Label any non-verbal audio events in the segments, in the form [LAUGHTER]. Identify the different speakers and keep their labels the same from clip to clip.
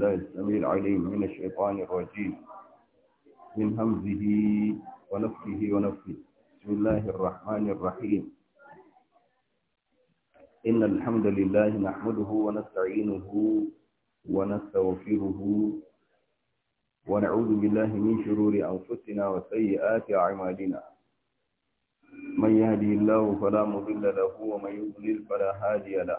Speaker 1: الله السميع العليم من الشيطان الرجيم من همزه ونفخه ونفخه بسم الله الرحمن الرحيم إن الحمد لله نحمده ونستعينه ونستغفره ونعوذ بالله من شرور أنفسنا وسيئات أعمالنا من يهدي الله فلا مضل له ومن يضلل فلا هادي له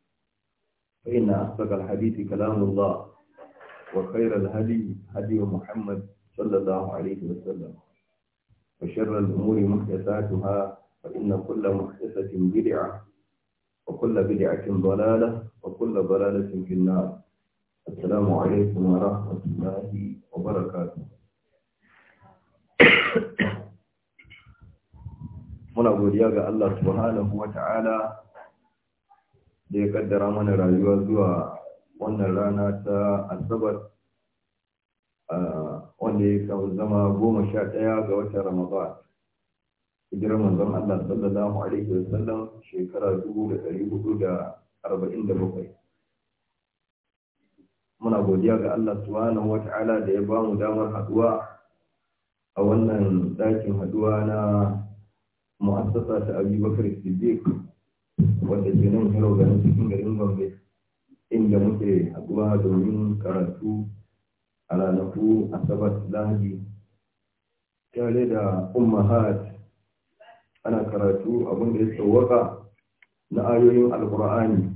Speaker 1: فإن أصدق الحديث كلام الله وخير الهدي هدي محمد صلى الله عليه وسلم وشر الأمور محدثاتها فإن كل محدثة بدعة وكل بدعة ضلالة وكل ضلالة في النار السلام عليكم ورحمة الله وبركاته muna godiya ga Allah subhanahu wa ta'ala da ya kaddara mana rayuwa zuwa wannan rana ta asabar wanda ya kawo zama goma sha ɗaya ga watan ramadan hijirar manzon Allah sallallahu alaihi wa sallam shekara dubu da ɗari hudu da arba'in da bakwai muna godiya ga Allah subhanahu wa ta'ala da ya bamu damar haduwa a wannan ɗakin haduwa na mu'assasa ta Abubakar Siddiq wanda ke nan kano ganin cikin garin gombe inda muke haɗuwa domin karatu a ranaku asabar lahadi tare da ummahat ana karatu abinda ya tsawaka na ayoyin alkur'ani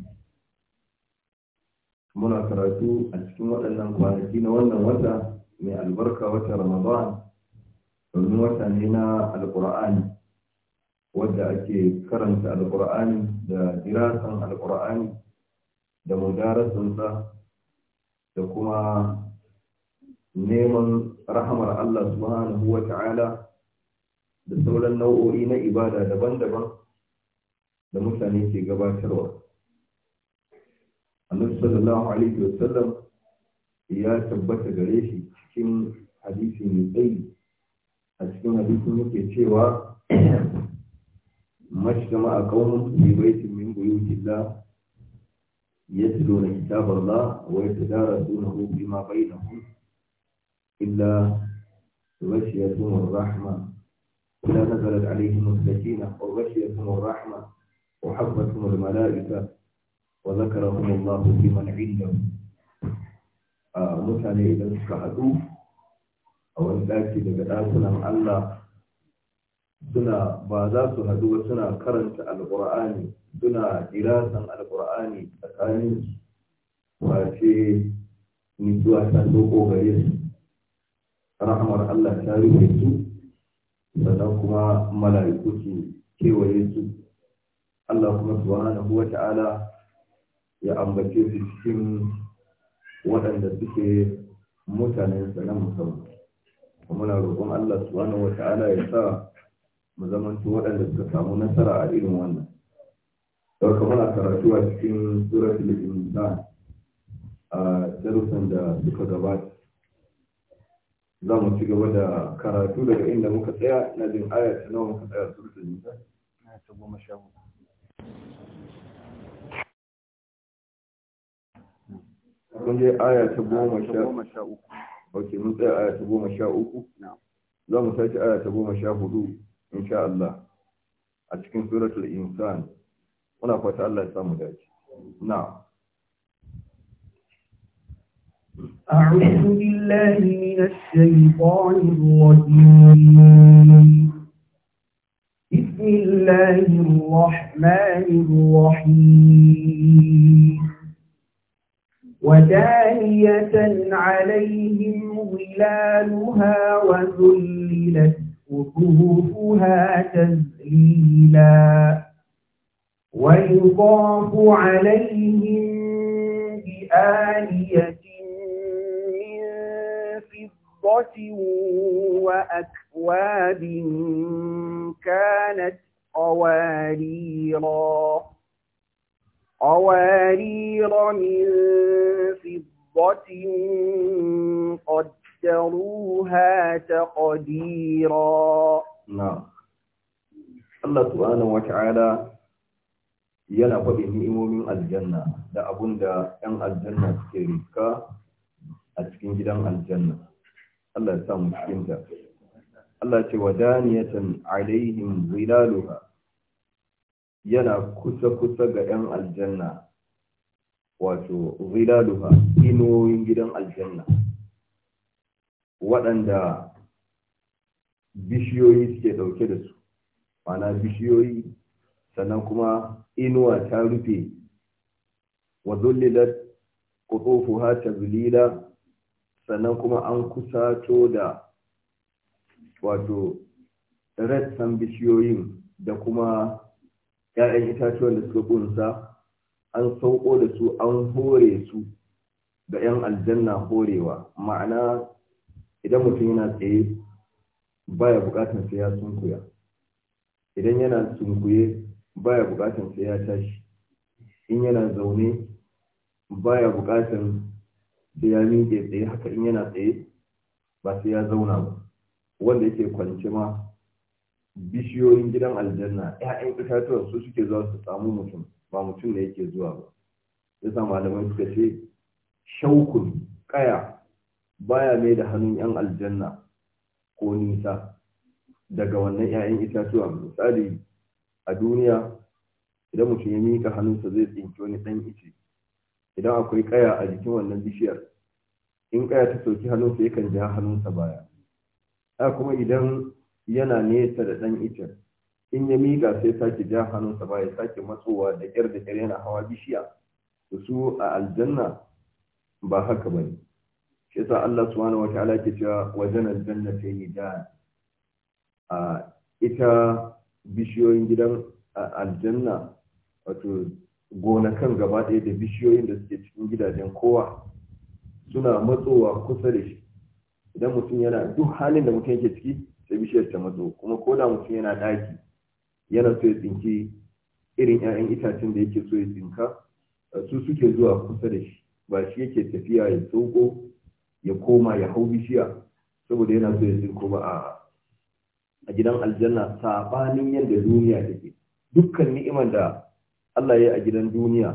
Speaker 1: muna karatu a cikin waɗannan kwanaki na wannan wata mai albarka wata ramadan domin wata ne na alkur'ani wadda ake karanta alƙur'ani da dirasan alƙur'ani da mudarasinsa da kuma neman rahamar Allah subhanahu wa ta'ala da sauran nau'o'i na ibada daban-daban da mutane ke gabatarwa. Annabi sallallahu alaihi Sallam, ya tabbata gare shi cikin hadisi mai tsayi a cikin hadisi yake cewa مجتمع قوم في بيت من بيوت الله يتلون كتاب الله ويتدارسونه بما بينهم إلا غشيتهم الرحمة إلا نزلت عليهم السكينة وغشيتهم الرحمة وحفتهم الملائكة وذكرهم الله فيمن عنده mutane idan suka haɗu a wani ɗaki daga ɗakunan Allah suna ba za su haɗu ba suna karanta alƙur'ani suna dirasan alƙur'ani tsakanin su wace nutsuwa ta soko gare su rahamar Allah ta rufe su sannan kuma mala'iku su kewaye su Allah kuma subhanahu wa ta'ala ya ambace su cikin waɗanda suke mutanensa na musamman muna roƙon Allah subhanahu wa ta'ala ya sa mu zamanto waɗanda suka samu nasara a irin wannan ɗauka muna karatu a cikin suratul insan a darussan da suka gabata za mu ci gaba da karatu daga inda muka tsaya na jin aya ta nawa muka tsaya suratul insan kun je aya ta goma sha uku ok mun tsaya aya ta goma sha uku za mu sake aya ta goma sha hudu إن شاء الله أتكلم سورة الإنسان muna fata الله ya samu نعم
Speaker 2: أعوذ بالله من الشيطان الرجيم بسم الله الرحمن الرحيم ودانية عليهم ظلالها وذللت قطوفها تذليلا ويطاف عليهم بآلية من فضة وأكواب كانت قواريرا قوارير من فضة قدروها تقديرا
Speaker 1: نعم الله سبحانه وتعالى yana faɗi ni'imomin aljanna da abun da 'yan aljanna ke rika a cikin gidan aljanna Allah ya sa mu cikin Allah ce wa daniyatan alaihim zilaluha yana kusa kusa ga 'yan aljanna wato zilaluha inuwoyin gidan aljanna waɗanda bishiyoyi suke ɗauke da su mana bishiyoyi sannan kuma inuwa ta rufe wa zullilat ta zulila sannan kuma an kusato da wato rassan bishiyoyin da kuma ‘ya'yan itatuwan da suka ƙunsa an sauko da su an hore su da ‘yan aljanna horewa ma'ana idan mutum yana tsaye baya bukatar sai ya sunkuya idan yana sunkuye baya bukatar sai ya tashi in yana zaune baya bukatar sai ya miƙe tsaye haka in yana tsaye ba sai ya zauna ba wanda yake kwanci ma bishiyoyin gidan aljanna 'ya'yan itatuwa su suke zuwa su samu mutum ba mutum ne yake zuwa ba yasa malamai suka ce shaukun kaya baya mai da hannun yan aljanna ko nisa daga wannan 'ya'yan itatuwa misali a duniya idan mutum ya mika hannunsa zai tsinci wani ɗan ice idan akwai ƙaya a jikin wannan bishiyar in ƙaya ta sauki hannunsa ya kan ja hannunsa baya a kuma idan yana nesa da ɗan icen in ya mika sai sake ja hannunsa baya sake matsowa da ƙyar da ƙyar yana hawa bishiya su a aljanna ba haka bane shi yasa Allah subhanahu wa ta'ala ke cewa wajen ta yi da ita bishiyoyin gidan aljanna wato gonakan gaba ɗaya da bishiyoyin da suke cikin gidajen kowa suna matsowa kusa da shi idan mutum yana duk halin da mutum yake ciki sai bishiyar ta matso kuma ko da mutum yana daki yana so ya tsinki irin 'ya'yan itacen da yake so ya tsinka su suke zuwa kusa da shi ba shi yake tafiya ya tsoko ya koma ya hau bishiya saboda yana so ya sirko ba a gidan aljanna sabanin yadda duniya take dukkan ni'imar da Allah ya yi a gidan duniya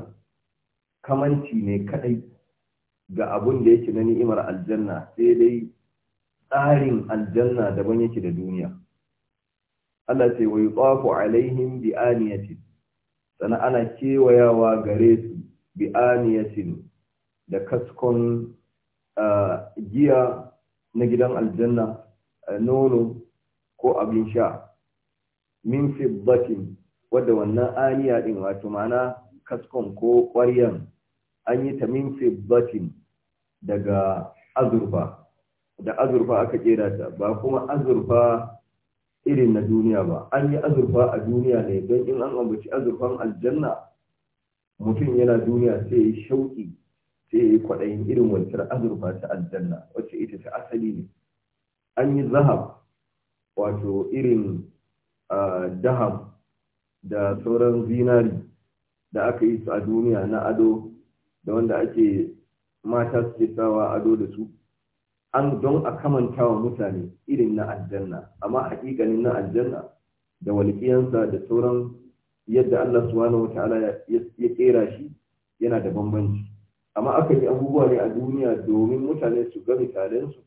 Speaker 1: kamanci ne kadai ga abun da yake na ni'imar aljanna sai dai tsarin aljanna daban yake da duniya Allah ce wa yutafu alaihim bi aniyatin sana ana kewayawa gare su bi aniyatin da kaskon giya na gidan aljanna nono ko abin sha min fiddatin wadda wannan aniya din wato ma'ana kaskon ko ƙwaryan an yi ta min fiddatin daga azurfa da azurfa aka ƙera ta ba kuma azurfa irin na duniya ba an yi azurfa a duniya ne don in an ambaci azurfan aljanna mutum yana duniya sai ya shauƙi sai ya yi kwaɗayin irin wancan azurfa ta aljanna wacce ita ta asali ne an yi zahab wato irin dahab da sauran zinari da aka yi su a duniya na ado da wanda ake mata suke sawa ado da su an don a kamanta wa mutane irin na aljanna amma haƙiƙanin na aljanna da walƙiyansa da sauran yadda Allah subhanahu ta'ala ya kera shi yana da bambanci amma aka yi abubuwa ne a duniya domin mutane su ga misalansu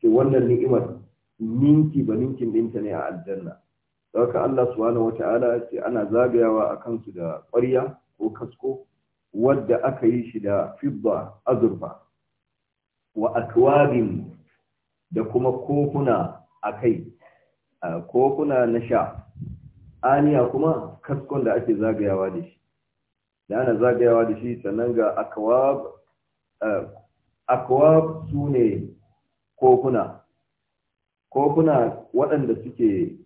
Speaker 1: sai wannan ni'imar ninki ba ninkin dinta ne a aljanna saka Allah subhanahu wata'ala ce ana zagayawa a kansu da ƙwarya ko kasko wadda aka yi shi da fibba azurfa wa akwabin da kuma kofuna a kofuna na sha aniya kuma kaskon da ake zagayawa da shi da ana zagayawa da shi sannan ga eh, akwab su ne kofuna kofuna waɗanda suke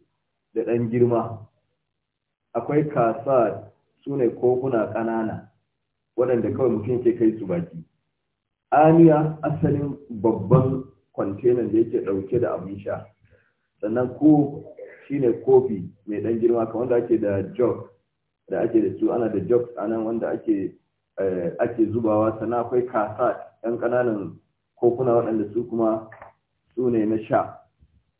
Speaker 1: da ɗan girma akwai kasa su ne kofuna ƙanana waɗanda kawai mutum ke kai su baki aniya asalin babban kwantenan da yake ɗauke da abin sha sannan ko ne kofi mai ɗan girma kamar da ake da jog da ake da su ana da jobs a nan wanda ake eh, ake zubawa sana akwai kasa ɗan ƙananan kokuna waɗanda su kuma su ne na sha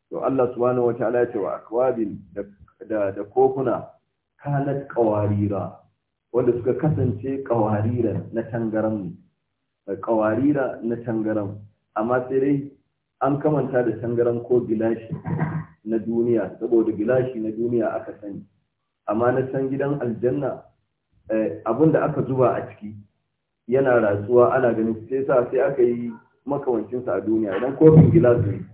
Speaker 1: to Allah subhanahu wataala ya ce wa akwabin da da kokuna kanat qawarira wanda suka kasance eh, qawarira na tangaram qawarira na tangaran, amma sai dai an kamanta da tangaran ko gilashi na duniya saboda gilashi na duniya aka sani amma na san gidan aljanna eh, abin da aka zuba a ciki yana rasuwa ana ganin sai sa sai aka yi makawancinsa a duniya idan kofin ne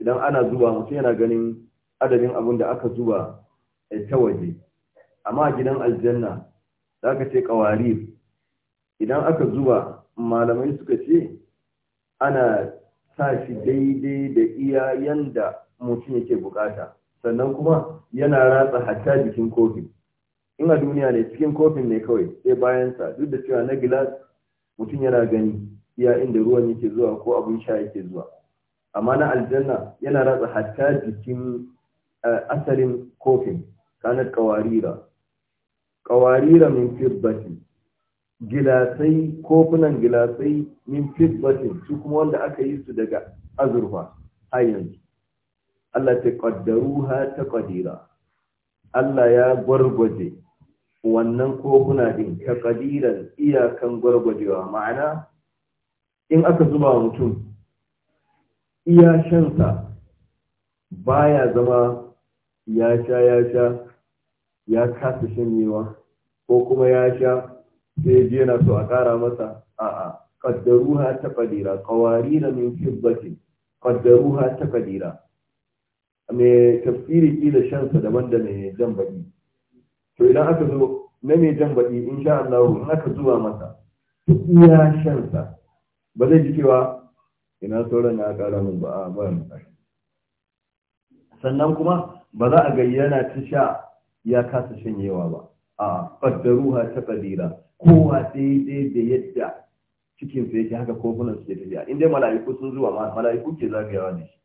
Speaker 1: idan ana zuba mutum yana ganin adadin abin da aka zuba eh, ta waje amma gidan aljanna za ka ce kawari idan aka zuba malamai suka ce ana sa shi daidai da iya yanda mutum yake bukata sannan kuma yana ratsa hatta jikin kofin in a duniya ne cikin kofin ne kawai sai bayan sa duk da cewa na gilas mutum yana gani iya inda ruwan yake zuwa ko abin sha yake zuwa amma na aljanna yana ratsa hatta jikin eh, asalin kofin kanar kawarira kawarira min fibbati gilasai kofunan gilasai min fitbatin su kuma wanda aka yi su daga azurfa har yanzu Allah ta ƙaddaruha ta ƙadira Allah ya gwargwaje wannan kofuna din ta ƙadiran iyakan gwargwajewa ma'ana in aka zuba wa mutum iyashensa ba ya zama ya sha ya sha ya kasa shanyewa ko kuma ya sha sai je na so a ƙara masa a'a ƙaddaruha ta ƙadira ƙawari da min fibbatin ƙaddaruha ta ƙadira mai tafsiri kila shansa daban da mai jan baki to idan aka zo na mai jan baki insha Allah in aka zuwa masa to iya shansa ba zai ji cewa ina sauran ya kara min ba a ba sannan kuma ba za a gayyana ta sha ya kasa shanyewa ba a faddaruha ta kadira kowa daidai da yadda cikinsa yake haka kofunan su ke tafiya in dai mala'iku sun zuwa mala'iku ke zagayawa da shi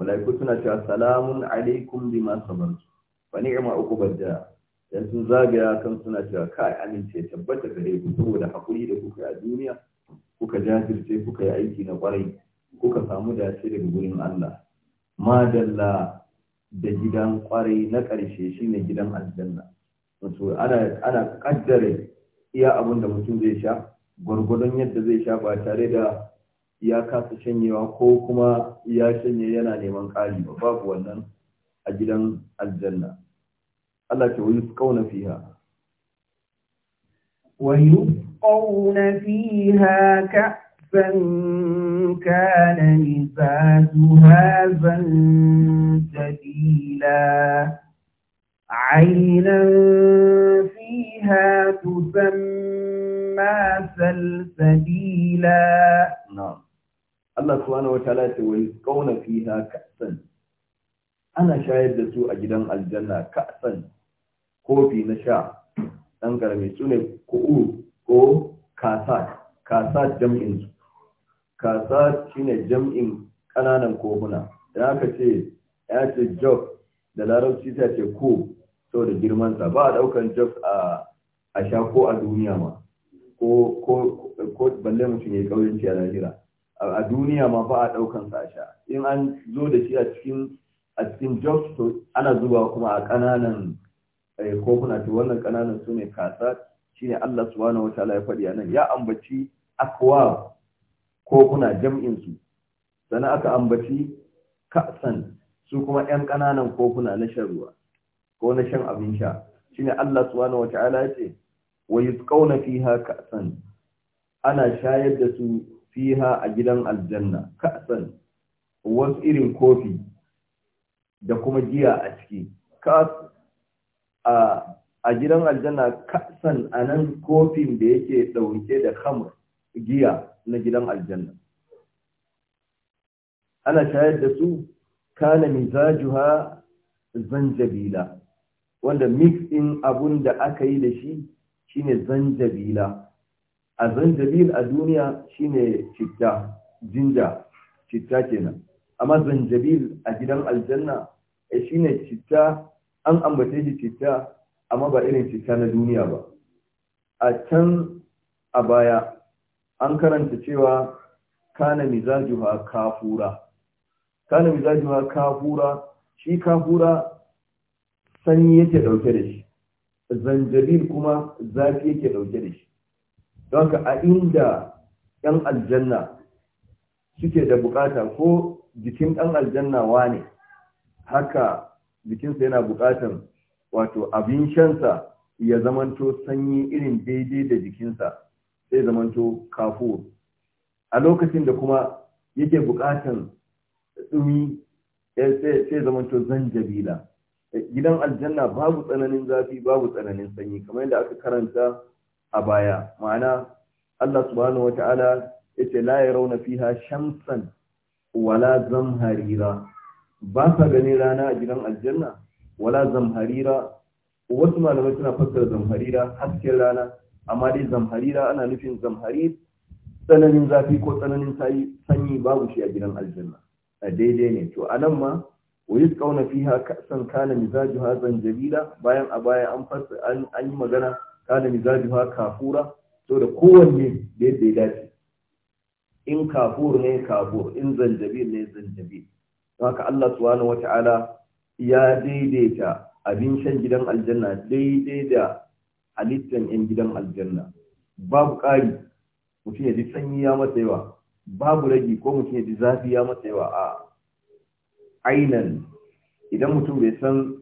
Speaker 1: malaiku suna cewa salamun alaikum bima sabartu wa ni'ma uqubad da dan sun zagaya kan suna cewa kai amince tabbata gare ku saboda hakuri da kuka a duniya kuka jajirce kuka yi aiki na kwarai kuka samu dace daga gurin Allah madalla da gidan kwarai na karshe shine gidan aljanna wato ana ana kaddare iya abin da mutum zai sha gwargwadon yadda zai sha ba tare da ya kasa shanyewa ko kuma ya shanye yana neman ƙari ba babu wannan a gidan aljanna Allah ke wani kauna fiha wayu
Speaker 2: kauna fiha ويسقون فيها كأسا كان مزاجها زنجبيلا عينا فيها تسمى
Speaker 1: سلسبيلا نعم Allah subhanahu wataala ya ce wa yusqawna fiha ka'san ana shayar da su a gidan aljanna ka'san kofi na sha dan sune ku'u ko kasat kasat jam'in su kasat shine jam'in kananan kofuna da aka ce ya ce jog da larabci ta ce ko saboda girman sa ba a daukan jog a a sha ko a duniya ma ko ko ko balle mutum ya kauyanci a lahira a duniya ma ba a ɗaukan sasha in an zo da shi a cikin a cikin jobs to ana zuwa kuma a ƙananan kofuna eh, to wannan ƙananan su ne kasa shine Allah subhanahu wataala ya faɗi anan ya ambaci akwa kofuna jam'in su sannan aka ambaci ka'san su kuma 'yan ƙananan kofuna na shan ruwa ko na shan abin sha shine Allah subhanahu wataala ya ce wa yusqawna fiha ka'san ana shayar da su fiha a gidan aljanna kasan wasu irin kofi da kuma giya a ciki a gidan aljanna kasan a nan kofin da yake ɗauke da hamur giya na gidan aljanna ana shayar da su kana mizajuha zanjabila wanda mix din abun da aka yi da shi shine zanjabila a zanjabil a duniya shine citta jinja citta kenan amma zanjabil a gidan aljanna eh, shine citta an ambace shi citta amma ba irin citta na duniya ba a can a baya an karanta cewa kana kafura kana kafura shi kafura sanyi yake dauke da shi zanjabil kuma zafi yake dauke da shi don ka a inda 'yan aljanna suke da bukata ko jikin ɗan aljanna wa ne haka jikinsa yana bukatan wato abin shansa ya zamanto sanyi irin daidai da jikinsa sai zamanto kafu a lokacin da kuma yake bukatan ɗumi eh, sai zamanto jabila eh, gidan aljanna babu tsananin zafi babu tsananin sanyi kamar yadda aka karanta a baya ma'ana Allah subhanahu wata'ala yace la yarawna fiha shamsan wala zamharira ba sa ganin rana a gidan aljanna wala zamharira wasu malamai suna fassara zamharira hasken rana amma dai zamharira ana nufin zamharir tsananin zafi ko tsananin sanyi babu shi a gidan aljanna a daidai ne to a nan ma wayis kauna fiha kasan kana mizaju hazan jabila bayan a baya an an yi magana kana mizajuha kafura to da kowanne da yadda ya dace in kafur ne kafur in zanjabil ne don haka Allah subhanahu wata'ala ya daidaita abin shan gidan aljanna daidai da halittan yan gidan aljanna babu ƙari mutum ya ji sanyi ya matsa yawa babu ragi ko mutum ya ji zafi ya matsa yawa a ainan idan mutum bai san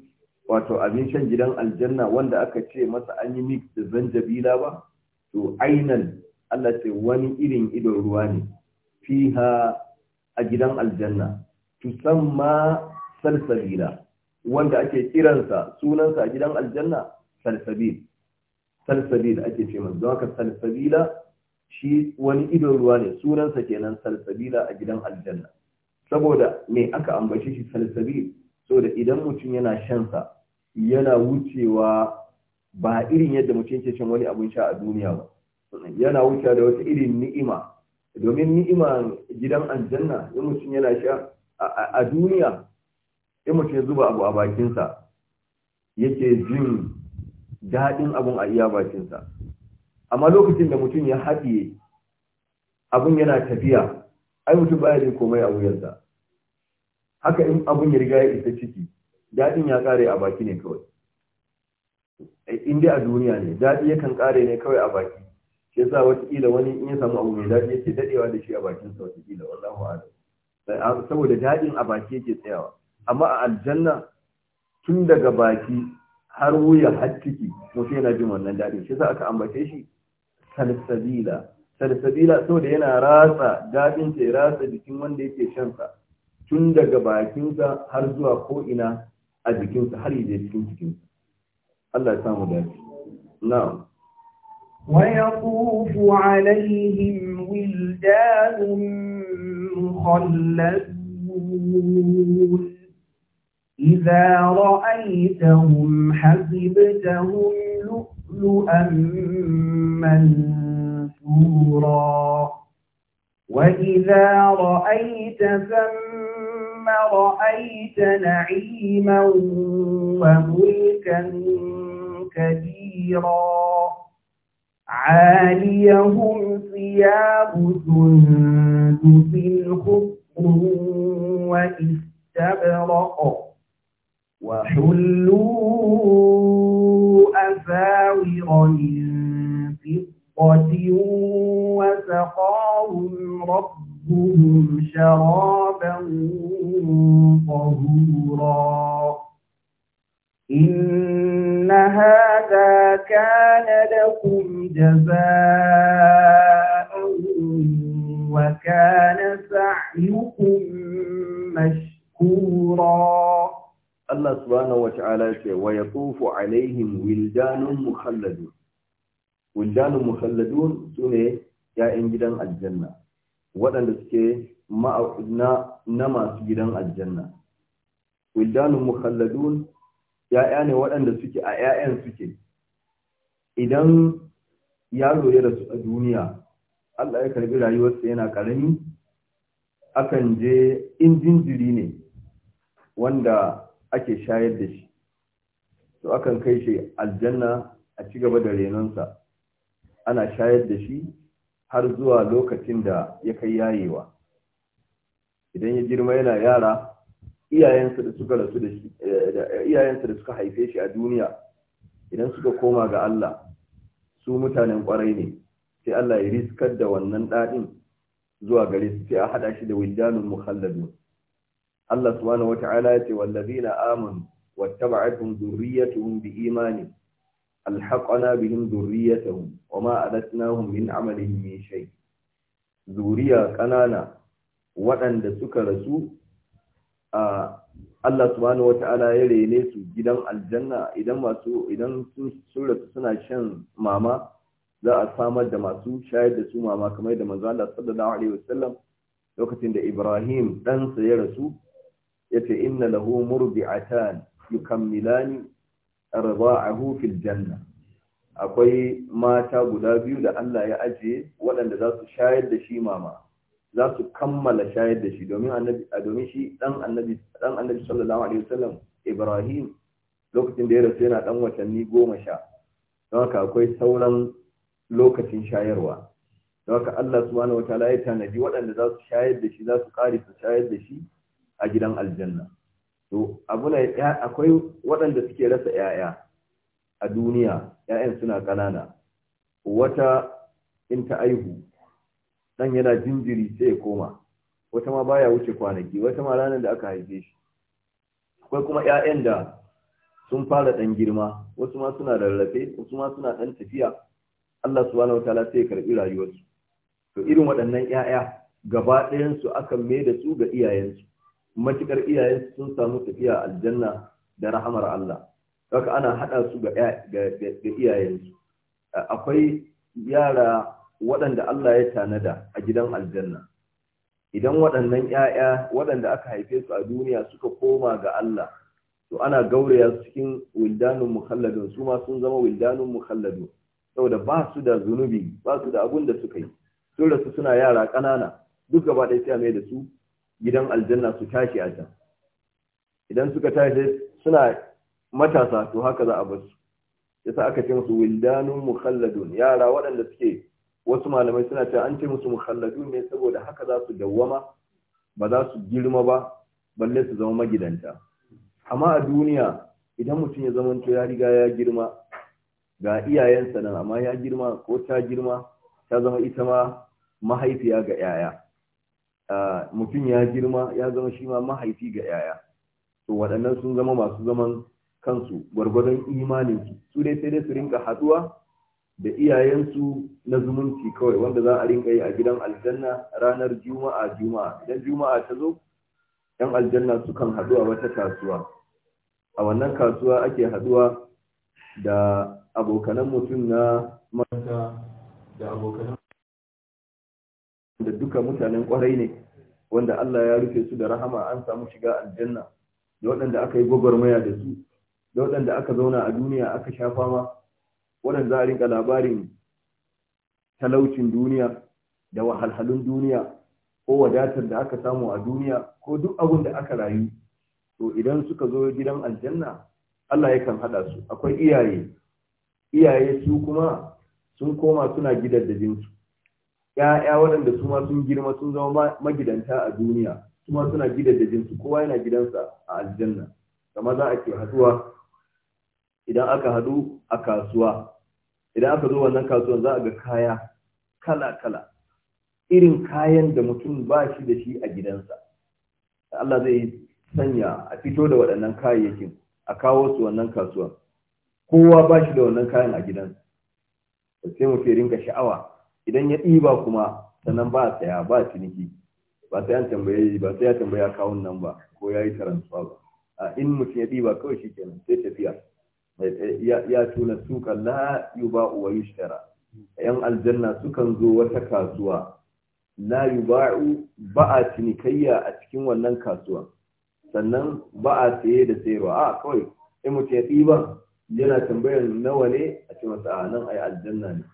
Speaker 1: wato abin shan gidan aljanna wanda aka ce masa an yi mix da zanjabila ba to ainan Allah ce wani irin ido ruwa ne fiha a gidan aljanna ma salsabila wanda ake kiransa sunansa a gidan aljanna salsabil salsabil ake ce masa don haka salsabila shi wani idon ruwa ne sunansa kenan salsabila a gidan aljanna saboda me aka ambace shi salsabil saboda idan mutum yana shansa yana wucewa ba irin yadda mutum ke cin wani abin sha a duniya ba yana wucewa da wata irin ni'ima domin ni'ima gidan aljanna in mutum yana sha a duniya in mutum ya zuba abu a bakinsa yake jin daɗin abun a iya bakinsa amma lokacin da mutum ya haɗiye abun yana tafiya ai mutum baya jin komai a wuyarsa haka in abun ya riga ya isa ciki daɗin ya ƙare a baki ne kawai in a duniya ne daɗi yakan ƙare ne kawai a baki shi yasa wataƙila wani in ya samu abu mai daɗi yake daɗewa da shi a bakinsa wataƙila wallahu a'lam saboda daɗin a baki yake tsayawa amma a aljanna tun daga baki har wuya har ciki mutum yana jin wannan daɗin shi yasa aka ambace shi salsabila salsabila saboda yana rasa daɗin ya rasa jikin wanda yake shan sa tun daga bakinsa har zuwa ko ina a jikinsa har yaje cikin jikinsa Allah ya samu na'am
Speaker 2: ويطوف عليهم ولدان مخلدون إذا رأيتهم حسبتهم لؤلؤا منثورا وإذا رأيت ثم رأيت نعيما وملكا كبيرا عاليهم ثياب سندس خضر وإستبرق وحلوا أفاور من وسقاهم ربهم شرابا طهورا إن هذا كان لكم جزاء وكان سعيكم
Speaker 1: مشكورا الله سبحانه وتعالى ويطوف عليهم ولدان مخلدون wildanun mukhalladun su ne ‘ya'yan gidan aljanna waɗanda suke na masu gidan aljanna wildanun mukhalladun ‘ya'ya ne waɗanda suke a ‘ya'yan suke idan yaro ya rasu a duniya Allah ya karbi rayuwarsa yana ƙarami akan je injinjiri ne wanda ake shayar da shi to akan kai shi aljanna a ci gaba da renonsa ana shayar da shi har zuwa lokacin da ya kai yayewa idan ya girma yana yara iyayensa da suka rasu eh, eh, iyayensa da suka haife shi a duniya idan suka koma ga Allah su mutanen kwarai ne sai Allah ya riskar da wannan dadin zuwa gare su sai a hada shi da wildanin muhalladu Allah subhanahu wata'ala ya ce wallazina amanu wattaba'atuhum dhurriyyatuhum imani. alhaqana bihim dhurriyyatahum wama adatnahum min amalihim min shai. zuriya ƙanana. waɗanda suka rasu a Allah subhanahu wata'ala ya rene su gidan aljanna idan masu idan sun rasu suna shan mama za a samar da masu shayar da su mama kamar da manzo Allah sallallahu alaihi wasallam lokacin da Ibrahim ɗansa ya rasu ya ce inna lahu murbi'atan yukammilani arda'ahu fil janna akwai mata guda biyu da Allah ya ajiye waɗanda za su shayar da shi mama za su kammala shayar da shi domin annabi domin shi dan annabi dan annabi sallallahu alaihi wasallam Ibrahim lokacin da ya rasu yana dan watanni goma sha don haka akwai sauran lokacin shayarwa don haka Allah subhanahu wataala ya tanaji waɗanda za su shayar da shi za su ƙari su shayar da shi a gidan aljanna to abu ne akwai waɗanda suke rasa 'ya'ya a duniya 'ya'yan suna ƙanana wata in ta aihu dan yana jinjiri sai ya koma wata ma baya wuce kwanaki wata ma ranar da aka haife shi akwai kuma 'ya'yan da sun fara ɗan girma wasu ma suna rarrafe wasu ma suna ɗan tafiya Allah subhanahu wataala sai ya karɓi rayuwarsu to irin waɗannan 'ya'ya gaba ɗayansu akan mai da su ga iyayensu matukar iyayen sun samu tafiya aljanna da rahamar Allah haka ana hada su ga iyayensu akwai yara waɗanda Allah ya tanada a gidan aljanna idan waɗannan 'ya'ya waɗanda aka haife su a duniya suka koma ga Allah to ana gauraya su cikin wildanun mukhalladun su ma sun zama wildanun mukhalladun saboda ba su da zunubi ba su da abun da suka yi sun rasu suna yara ƙanana duk gaba ɗaya sai mai da su gidan aljanna su tashi a can idan suka tashi suna matasa to haka za a bar su yasa aka ce musu wildanun mukhalladun yara waɗanda suke wasu malamai suna cewa an ce musu mukhalladun ne saboda haka za su dawwama ba za su girma ba balle su zama magidanta amma a duniya idan mutum ya zama ya riga ya girma ga iyayensa nan amma ya girma ko ta girma ta zama ita ma mahaifiya ga 'ya'ya mutum ya girma ya zama shi ma mahaifi ga yaya to waɗannan sun zama masu zaman kansu gwargwadon imanin su dai sai dai su rinka haɗuwa da iyayensu na zumunci kawai wanda za a rinka yi a gidan aljanna ranar juma'a juma'a idan juma'a ta zo yan aljanna sukan haɗu a wata kasuwa a wannan kasuwa ake haɗuwa da abokanan mutum na mata da abokanan da duka mutanen kwarai ne wanda Allah ya rufe su da rahama an samu shiga aljanna da waɗanda aka yi gwagwarmaya da su da waɗanda aka zauna a duniya aka sha fama waɗanda za a rinka labarin talaucin duniya da wahalhalun duniya ko wadatar da aka samu a duniya ko duk abin da aka rayu to idan suka zo gidan aljanna Allah yakan haɗa su akwai iyaye iyaye su kuma sun koma suna da jinsu. ya'ya waɗanda su ma sun girma sun zama magidanta a duniya su ma suna da jinsu kowa yana gidansa a aljanna kamar za a ke haduwa idan aka hadu a kasuwa idan aka zo wannan kasuwan za a ga kaya kala kala irin kayan da mutum ba shi da shi a gidansa Allah zai sanya a fito da waɗannan kayayyakin a kawo su wannan kasuwan kowa ba shi da wannan kayan a gidansa sai mu ke rinka sha'awa idan ya ɗiba kuma sannan ba a tsaya ba a ciniki ba sai an tambaye ba sai ya tambaya kawun nan ba ko ya yi taransuwa ba a in mutum ya ɗiba kawai shi kenan sai tafiya eh, ya tuna suka la yuba wa yushtara yan aljanna sukan zo wata kasuwa la yuba'u ba a cinikayya a cikin wannan kasuwa sannan ba a saye da sayarwa a kawai in mutum ya ɗiba yana tambayar nawa ne a ce masa a nan ai aljanna ne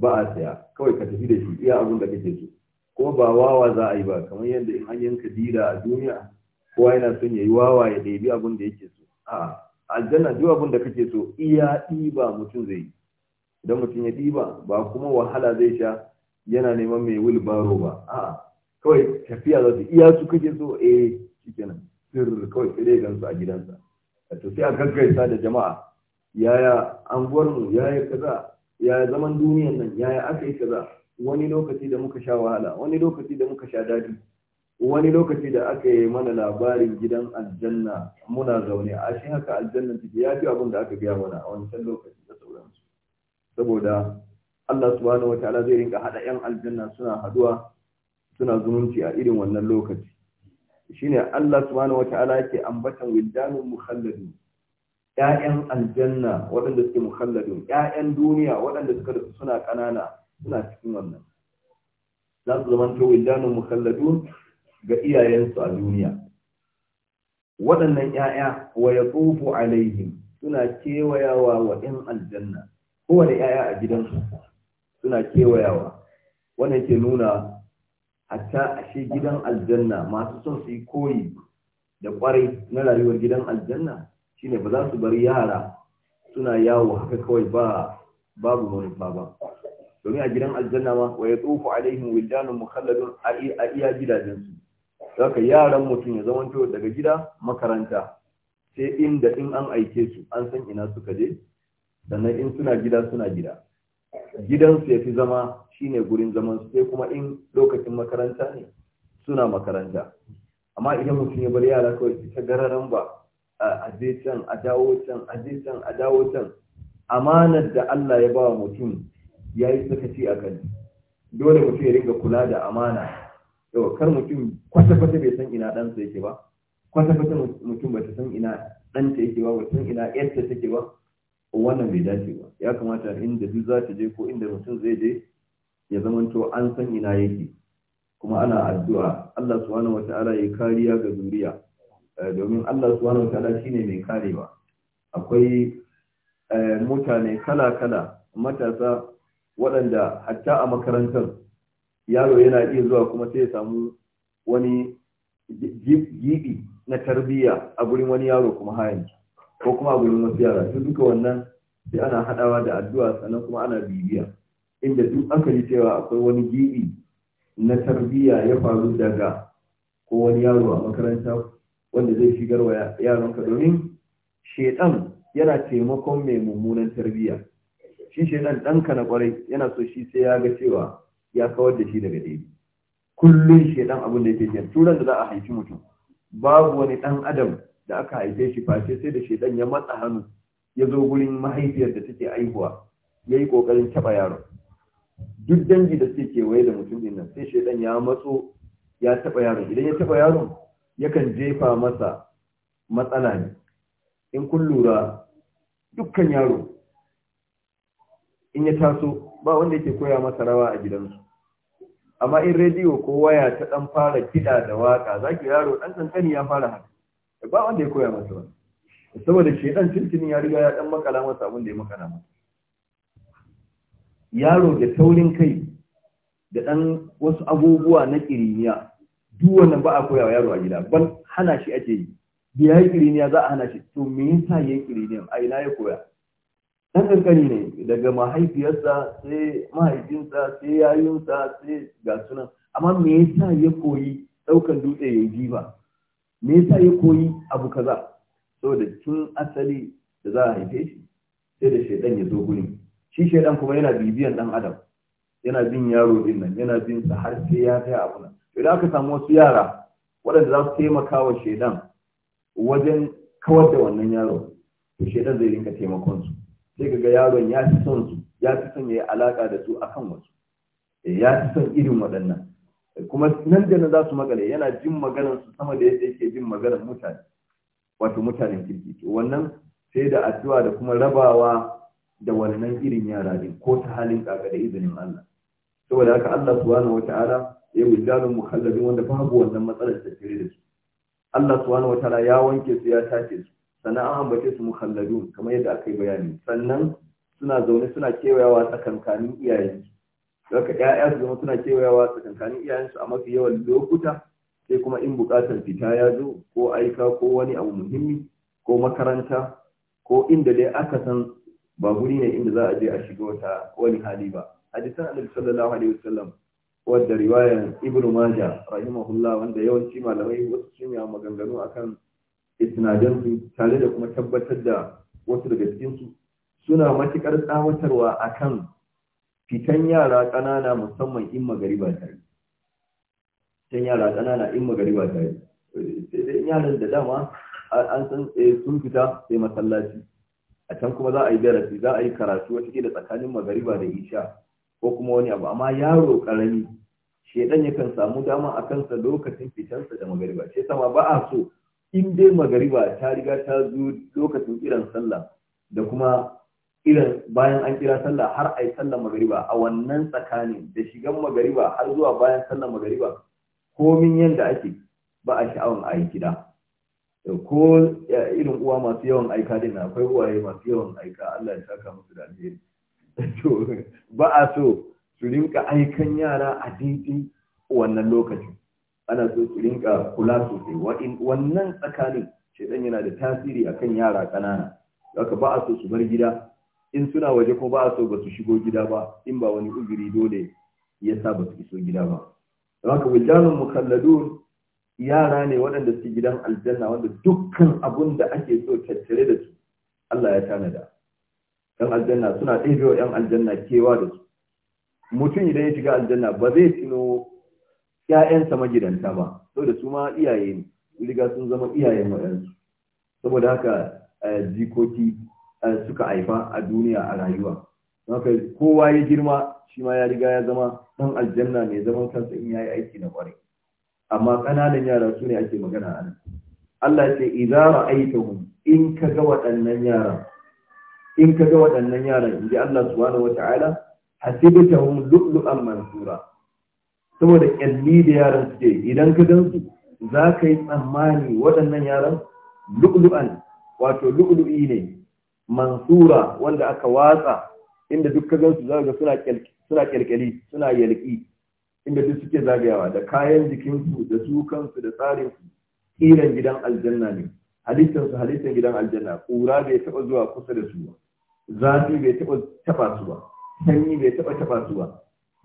Speaker 1: ba a saya kawai ka tafi da shi iya abin da kake so Ko ba wawa za a yi ba kamar yadda in an yanka dila a duniya kowa yana son ya yi wawa ya ɗebi abin da yake so a aljanna duk abin da kake so iya ɗiba mutum zai yi idan mutum ya ɗiba ba kuma wahala zai sha yana neman mai wil baro ba A'a, kawai tafiya za su iya su kake so eh shikenan sirri kawai sai dai gansu a gidansa to sai a gaggaisa da jama'a yaya anguwar mu yaya kaza ya zaman duniyan nan yaya aka yi kaza wani lokaci da muka sha wahala wani lokaci da muka sha dadi wani lokaci da aka yi mana labarin gidan aljanna muna zaune a shi haka aljanna take ya fi abin da aka biya mana a wancan lokaci da sauransu saboda Allah subhanahu wataala zai rinka hada yan aljanna suna haduwa suna zumunci a irin wannan lokaci shine Allah subhanahu wataala yake ambatan wildanun muhallabi. Ya'yan aljanna waɗanda suke mukhalladun ƴaƴan duniya waɗanda suka da suna ƙanana suna cikin wannan za su zama to wildanun mukhalladun ga iyayensu a duniya waɗannan ƴaƴa wa yatufu alaihim suna kewayawa wa ɗan aljanna kowane ƴaƴa a gidansu suna kewayawa wannan ke nuna hatta shi gidan aljanna masu son su yi koyi da ƙwarai na rayuwar gidan aljanna shine ba za su bari yara suna yawo haka kawai ba babu manufa ba domin a gidan aljanna ma wa ya tsofu alaihim wildanu mukhalladun a iya gidajensu haka yaran mutum ya zamanto daga gida makaranta sai inda in an aike su an san ina suka je sannan in suna gida suna gida gidansu ya fi zama shine gurin zaman su sai kuma in lokacin makaranta ne suna makaranta amma idan mutum ya bar yara kawai ta gararan ba a je can a dawo can a je can a dawo can amanar da Allah ya ba wa mutum ya yi sakaci a kan dole mutum ya ringa kula da amana yau kar mutum kwata-kwata bai san ina ɗansa yake ba kwata-kwata mutum ba ta san ina ɗanta yake ba ba san ina yarta take ba wannan bai dace ba ya kamata inda duk za ta je ko inda mutum zai je ya zamanto an san ina yake kuma ana addu'a Allah subhanahu wata'ala ya kariya ga zuriya Eh, domin Allah subhanahu wa ta'ala shine mai karewa akwai eh, mutane kala-kala matasa waɗanda hatta a makarantar yaro yana iya zuwa kuma sai ya samu wani gibi na tarbiyya a gurin wani yaro kuma hayan ko kuma a gurin wasu yara su duka wannan sai ana haɗawa da addu'a sannan kuma ana bibiya inda duk aka ji cewa akwai wani gibi na tarbiyya ya faru daga ko wani yaro a makaranta wanda zai shigar wa yaranka domin shedan yana taimakon mai mummunan tarbiyya shi shedan ɗanka na kwarai yana so shi sai ya ga cewa ya kawar da shi daga daidai kullum shedan abin da yake kenan turan da za a haifi mutum babu wani ɗan adam da aka haife shi face sai da shedan ya matsa hannu ya zo gurin mahaifiyar da take aihuwa ya yi ƙoƙarin taɓa yaron duk dangi da suke kewaye da mutum dinnan sai shedan ya matso ya taɓa yaron idan ya taɓa yaron yakan jefa masa matsala ne in kun lura dukkan yaro in ya taso ba wanda yake koya masa rawa a gidansu amma in rediyo ko waya ta dan fara kiɗa da waka zaki yaro dan kankani ya fara haka ba wanda ya koya masa ba saboda shi dan tuntuni ya riga ya dan makala masa abin da ya makala masa yaro da taurin kai da dan wasu abubuwa na kiriniya duk wannan ba a koyawa yaro a gida ban hana shi ake yi da ya yi kiriniya za a hana shi to me yasa ya yi kiriniya a ina ya koya dan kankani ne daga mahaifiyarsa sai mahaifinsa sai yayunsa sai ga sunan amma me yasa ya koyi ɗaukan dutse ya yi ba? me yasa ya koyi abu kaza saboda tun asali da za a haife shi sai da shaidan ya zo guri shi shaidan kuma yana bibiyan dan adam yana bin yaro din nan yana bin sa har sai ya kai abu nan idan aka samu wasu yara waɗanda za su taimaka wa shaidan wajen kawar da wannan yaro to shaidan zai rinka taimakon su sai kaga yaron ya fi son su ya fi son ya yi alaka da su akan wasu eh, ya fi son irin waɗannan kuma nan da nan za su magana yana jin maganar su sama da yadda yake jin maganar mutane wato mutanen kirki to wannan sai da addu'a da kuma rabawa da wannan irin yara din ko ta halin kaka da izinin Allah saboda haka Allah subhanahu wataala ya wildanun mukallabin wanda babu wannan matsalar da kire da su Allah subhanahu wataala ya wanke su ya tace su sannan an ambace su mukallabin kamar yadda akai bayani sannan suna zaune suna kewayawa tsakankanin iyayensu daga ƴaƴa su zama suna kewayawa tsakankanin iyayensu a mafi yawan lokuta sai kuma in buƙatar fita ya zo ko aika ko wani abu muhimmi ko makaranta ko inda dai aka san ba guri ne inda za a je a shiga wata wani hali ba hadisan annabi sallallahu alaihi wasallam wadda riwayan ibn maja rahimahullah wanda yawanci malamai wasu sun yi maganganu akan su tare da kuma tabbatar da wasu daga cikin su suna matukar tsawatarwa akan fitan yara kanana musamman in magariba tare fitan yara kanana in magariba tare sai yaran da dama an san eh, sun fita sai masallaci a can kuma za a yi darasi za a yi karatu wata da tsakanin magariba da isha ko kuma wani abu amma yaro karami shedan yakan samu dama a kansa lokacin fitarsa da magariba sai sama ba a so in dai magariba ta riga ta zo lokacin kiran sallah da kuma kiran bayan an kira sallah har ai sallar magariba a wannan tsakanin da shigan magariba har zuwa bayan sallar magariba komin yanda ake ba a sha'awan a yi gida ko irin uwa masu yawan aika din akwai uwaye masu yawan aika Allah ya saka musu da alheri [LAUGHS] ba a so su rinka aikan yara a daidai wannan lokacin ana so su rinka kula sosai wannan tsakanin shedan yana da tasiri a kan yara ƙanana haka ba a so su bar gida in suna waje ko ba a so ba su shigo gida ba in ba wani uzuri dole ya sa ba su iso gida ba haka wildanun mukalladun yara ne waɗanda su gidan aljanna wanda dukkan abun da ake so tattare da su Allah ya tanada yan aljanna suna ɗebewa yan aljanna kewa da su mutum idan ya shiga aljanna ba zai tuno 'ya'yansa magidanta ba saboda su ma iyaye ne riga sun zama iyayen waɗansu saboda haka eh, jikoki eh, suka haifa a duniya a rayuwa haka kowa ya girma shi ma ya riga ya zama ɗan aljanna mai zaman kansa in ya yi aiki na ƙwarai amma ƙananan yara su ne ake magana a nan Allah ce idza ra'aytahum in ka ga waɗannan yara in ka ga waɗannan yaran in ji Allah subhanahu wata'ala hasibatahum lu'lu'an mansura saboda kyalli da yaran suke idan ka gansu, za ka yi tsammani waɗannan yaran lu'lu'an wato lu'lu'i ne mansura wanda aka watsa inda duk ka gansu za ga suna kyalkyali suna yalki inda duk suke zagayawa da kayan jikinsu da su da tsarin su gidan aljanna ne halittarsu halittan halittar gidan aljanna kura bai taɓa zuwa kusa da su zafi bai taɓa taba su ba sanyi bai taba taba su ba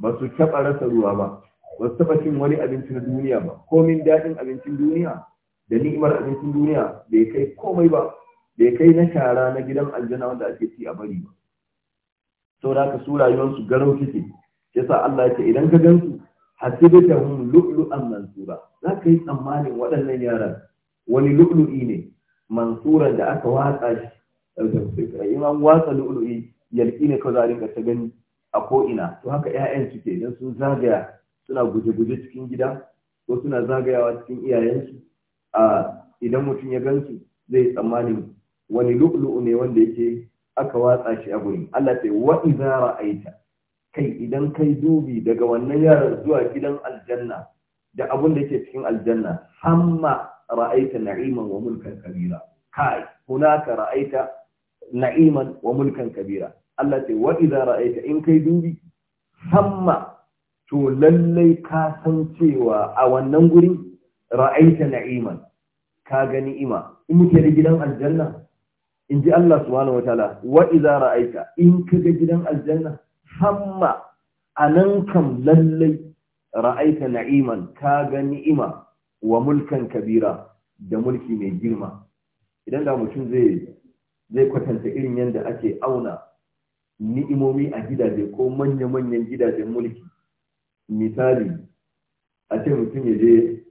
Speaker 1: ba su taɓa rasa ruwa ba ba su taɓa cin wani abincin duniya ba komin daɗin abincin duniya da ni'imar abincin duniya bai kai komai ba bai kai na shara na gidan aljana wanda ake ci a bari ba saboda haka su rayuwarsu garau take yasa Allah ya ce idan ka gansu hasibatahum lu'lu'an mansura za ka yi tsammanin waɗannan yaran wani lu'lu'i ne mansuran da aka watsa shi in an watsa lu'lu'i yalki ne kawai za a rinka ta gani a ko'ina to haka 'ya'yan suke idan sun zagaya suna guje-guje cikin gida ko suna zagayawa cikin iyayensu a idan mutum ya gansu zai tsammanin wani lu'ulu'u ne wanda yake aka watsa shi a gurin Allah sai wa idza ra'aita kai idan kai dubi daga wannan yaran zuwa gidan aljanna da abun da yake cikin aljanna hamma ra'aita na'iman wa mulkan kabira kai ka ra'aita na'iman wa mulkan kabira Allah ce wa idza ra'aita in kai dubi samma to lallai ka san cewa a wannan guri ra'aita na'iman ka gani ni'ima in muke da gidan aljanna in ji Allah subhanahu wataala wa idza ra'aita in ka ga gidan aljanna samma anan kam lallai ra'aita na'iman ka gani ni'ima wa mulkan kabira da mulki mai girma idan da mutum zai zai kwatanta irin yadda ake auna ni'imomi a gidaje ko manya-manyan gidajen mulki misali a ce mutum ya je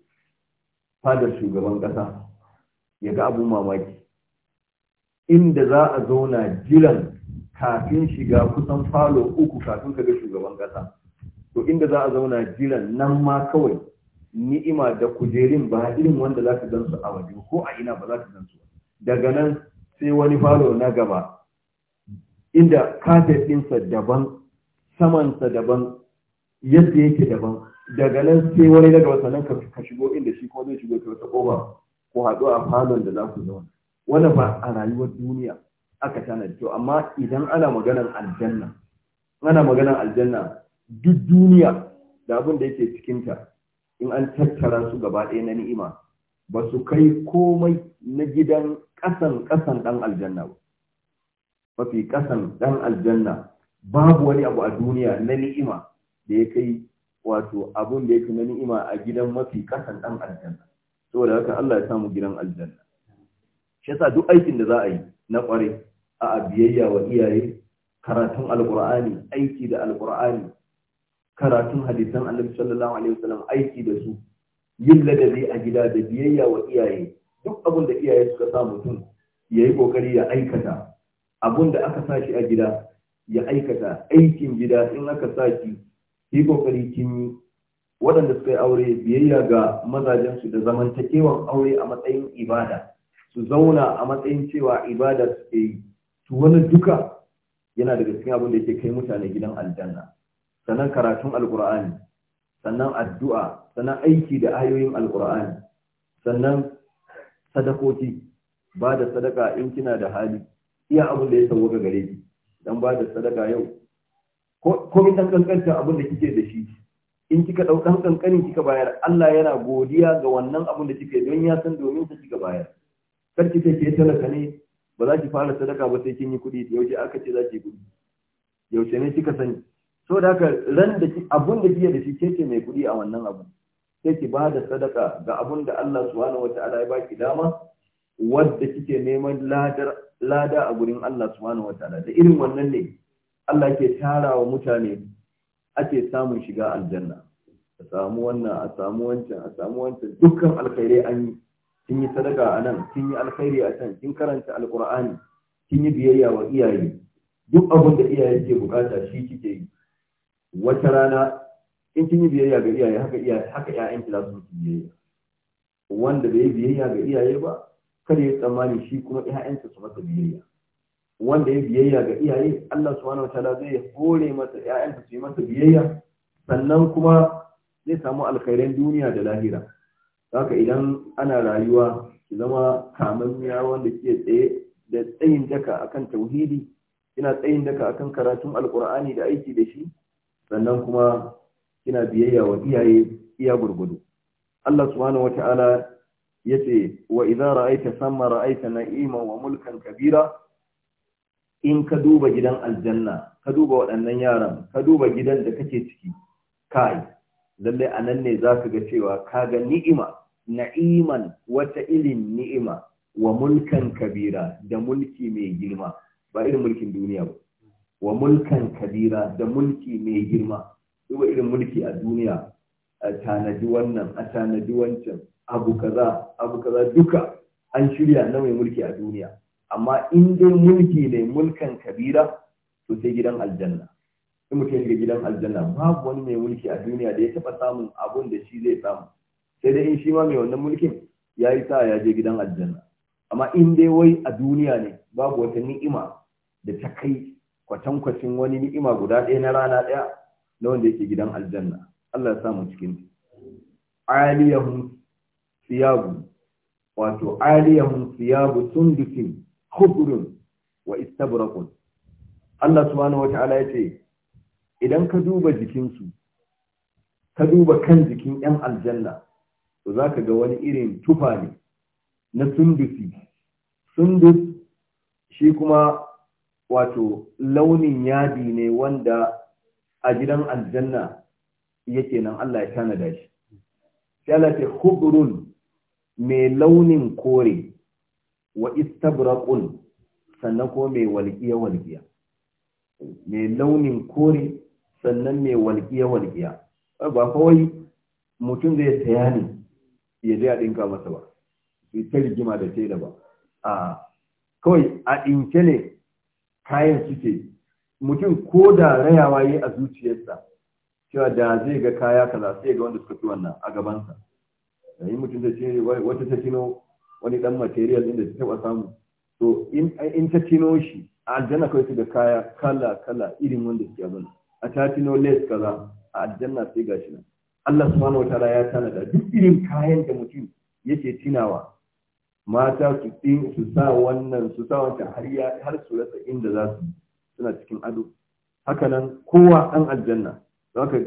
Speaker 1: fadar shugaban ƙasa ya ga abun mamaki inda za a zauna jiran kafin shiga kusan falo uku kafin ka ga shugaban ƙasa to inda za a zauna jiran nan ma kawai ni'ima da kujerin ba irin wanda za ka gan su a waje ko a ina ba za ka gan su daga nan sai wani falo na gaba inda kafet ɗinsa daban samansa daban yadda yake daban daga nan sai wani na gaba sannan ka shigo inda shi kuma zai shigo ta wata ko haɗu a falon da za ku zama. wannan ba a rayuwar duniya aka tanadi kyau. amma idan ana maganar aljanna ana maganar aljanna duk duniya da abin da yake cikinta in an tattara su gaba ɗaya na ni'ima ba su kai komai na gidan ƙasan kasan ɗan aljanna ba mafi kasan ɗan aljanna babu wani abu a duniya na ni'ima da ya kai wato abun da ya fi na ni'ima a gidan mafi kasan ɗan aljanna saboda haka Allah ya samu gidan aljanna shi yasa duk aikin da za a yi na ƙware a biyayya wa iyaye karatun alƙur'ani aiki da alƙur'ani karatun hadisan annabi sallallahu alaihi wasallam aiki da su yin ladabi a gida da biyayya wa iyaye duk abin da iyaye suka sa mutum ya yi kokari ya aikata abin da aka sa shi a gida ya aikata aikin gida in aka sa shi yi kokari kin yi waɗanda suka yi aure biyayya ga mazajensu da zamantakewan aure a matsayin ibada su zauna a matsayin cewa ibada suke yi su wani duka yana daga cikin abin da yake kai mutane gidan aljanna sannan karatun alkur'ani sannan addu'a sannan aiki da ayoyin alkur'ani sannan sadakoki ba da sadaka in kina da hali iya abin da ya sauwaka gare ki dan ba da sadaka yau ko min dan kankanta abin da kike da shi in kika ɗaukan ƙanƙanin kika bayar Allah yana godiya ga wannan abin da kike don ya san domin kika bayar kar ki ce ke talaka ne ba za ki fara sadaka ba sai kin yi kuɗi yaushe aka ce za ki kuɗi yaushe ne kika sani so da haka ran da abun da kike da shi keke mai kuɗi a wannan abu sai ki ba da sadaka ga abun da Allah subhanahu wataala ya baki dama wadda kike neman ladar lada a gurin Allah subhanahu wataala da irin wannan ne Allah ke tarawa mutane ake samun shiga aljanna a samu wannan a samu wancan a samu wancan dukkan alkhairai an yi kin yi sadaka a nan kin yi alkhairi a can kin karanta alqur'ani kin yi biyayya wa iyaye duk abun da iyaye ke bukata shi kike yi wata rana in kin yi biyayya ga iyaye haka iyaye haka ƴaƴan ki za su biyayya wanda bai biyayya ga iyaye ba kada ya tsammani shi kuma ƴaƴansa su masa biyayya wanda ya biyayya ga iyaye Allah subhanahu wataala zai hore masa ƴaƴansa su masa biyayya sannan kuma zai samu alkhairan duniya da lahira haka idan ana rayuwa ki zama kamanniya wanda ke tsaye da tsayin daka akan tauhidi kina tsayin daka akan karatun alkur'ani da aiki da shi sannan kuma kina biyayya wa iyaye iya gurgudu Allah subhanahu wata'ala yace wa idza ra'aita samma ra'aita Na'ima wa mulkan kabira in ka duba gidan aljanna ka duba waɗannan yaran ka duba gidan da kake ciki kai lalle anan ne zaka ga cewa ka ga ni'ima na'iman wata ilin ni'ima wa mulkan kabira da mulki mai girma ba irin mulkin duniya ba wa mulkan kabira da mulki mai girma duba irin mulki a duniya a tanadi wannan a tanadi wancan abu kaza abu kaza duka an shirya na mai mulki a duniya amma in dai mulki ne mulkan kabira to sai gidan aljanna in mutum ya shiga gidan aljanna babu wani mai mulki a duniya da ya taba samun abun da shi zai samu sai dai in shi ma mai wannan mulkin ya yi sa ya je gidan aljanna amma in dai wai a duniya ne babu wata ni'ima da ta kai kwatankwacin wani ni'ima guda ɗaya na rana ɗaya na wanda yake gidan aljanna Allah ya samu cikin aliyahum siyabu wato aliyahum siyabu sundusin khudrun wa istabraqun Allah subhanahu wata'ala yace idan ka duba jikinsu ka duba kan jikin ƴan aljanna to zaka ga wani irin tufa ne na sundusi sundus shi kuma wato launin yadi ne wanda a gidan aljanna yake nan Allah ya tanada shi sai Allah ce mai launin kore wa istabraqun sannan ko mai walƙiya walƙiya mai launin kore sannan mai walƙiya walƙiya ba kawai mutum zai saya ne ya je a ɗinka masa ba bai ta rigima da sai da ba a kawai a ɗinke ne kayan suke mutum ko da rayawa yi a zuciyarsa cewa da zai ga kaya kaza sai ga wanda suka fi wannan a gabansa da yi mutum ta cino wata ta cino wani dan material inda ta taba samu to in ta cino shi a aljanna kawai su ga kaya kala kala irin wanda suke abin a ta cino les kaza a aljanna sai ga shi nan Allah subhanahu wataala ya tanada duk irin kayan da mutum yake tinawa mata su su sa wannan su sa wancan har ya har su rasa inda za su suna cikin ado Hakanan, nan kowa an aljanna don haka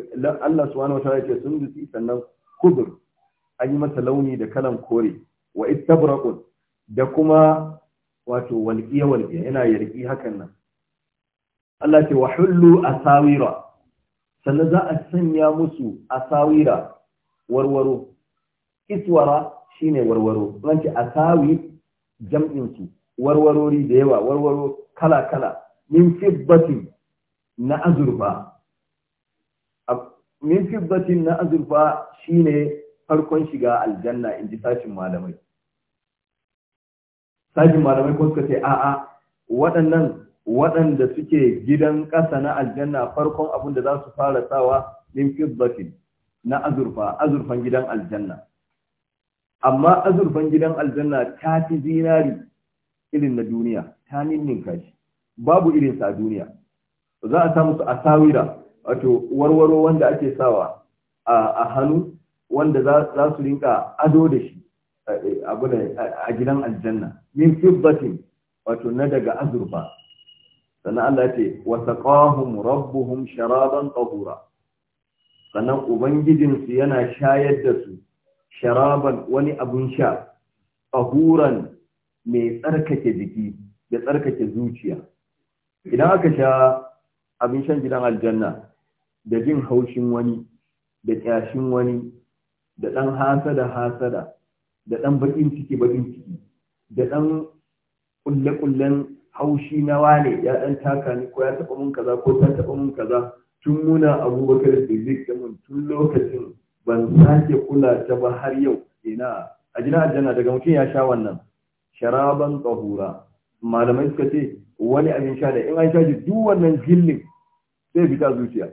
Speaker 1: Allah subhanahu wataala ya ce sun dutsi sannan kubur an yi mata launi da kalan kore wa istabraqun da kuma wato walqiya walqiya yana yarki hakan nan Allah ce wa hullu asawira sannan za a sanya musu asawira warwaro iswara Shi ne warwaro an ce asawi jam'in warwarori da yawa warwaro kala kala min fibbatin na azurfa min fibbatin na azurfa ne farkon shiga aljanna in ji sashin malamai sashin malamai kuma suka ce a'a waɗannan waɗanda suke gidan ƙasa na aljanna farkon abin da za su fara sawa min fibbatin na azurfa azurfan gidan aljanna amma azurfan gidan aljanna ta fi zinari irin na duniya ta ninninka shi babu irinsa a duniya za a samu su asawira wato warwaro wanda ake sawa a hannu wanda za su rinka ado da shi eh, a gidan aljanna min fibbatin wato na daga azurfa sannan Allah ce saqahum rabbuhum sharaban tahura sannan ubangijinsu yana shayar da su sharaban wani abun sha ahuran mai tsarkake jiki da tsarkake zuciya idan aka sha abin shan gidan aljanna da jin haushin wani da kyashin wani da ɗan hasada hasada da ɗan baƙin ciki baƙin ciki da ɗan ƙulle-ƙullen haushi na wane ya ɗan taka ni ko ya taɓa mun kaza ko ta taɓa mun kaza tun muna abubakar da zai mun tun lokacin ban sake kula ta ba har yau ina a jina aljanna daga mutum ya sha wannan sharaban tsahura malamai suka ce wani abin sha da in an sha shi duk wannan gillin sai fita zuciya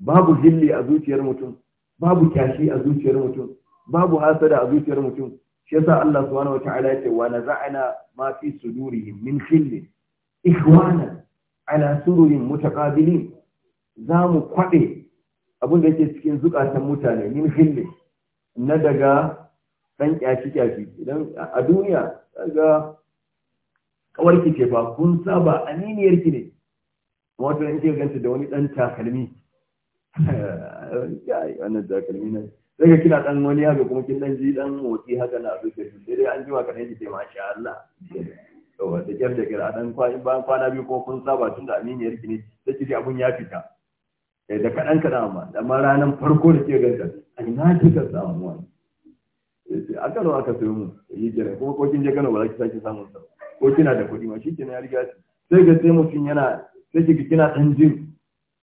Speaker 1: babu gilli a zuciyar mutum babu kyashi a zuciyar mutum babu hasada a zuciyar mutum shi yasa Allah subhanahu wata'ala ya ce wa naza'ana ma fi sudurihim min khillin ikhwana ala sururin mutaqabilin za mu kwaɗe abin da yake cikin zukatan mutane min hille na daga dan kyashi kyashi idan a duniya daga ki ce ba kun saba aminiyarki ne wato in ke ganta da wani dan takalmi [LAUGHS] wannan takalmi ne sai ka kina dan wani yaro kuma kin dan ji dan motsi haka na abin da sai dai an ji ka ne ki ce masha Allah to da kyar da kyar dan kwana biyu ko kun saba tun da aminiyarki ne sai ki ji abun ya fita Eh, da kaɗan kaɗan amma amma ranar farko da ke ganta a ina ce ka samu wani eh, a kano aka sayo mu yi jira kuma ko kin je kano ba za ki sake samun sa ko kina da kuɗi ma shi ya riga sai ga sai mutum yana sai ki kina ɗan jin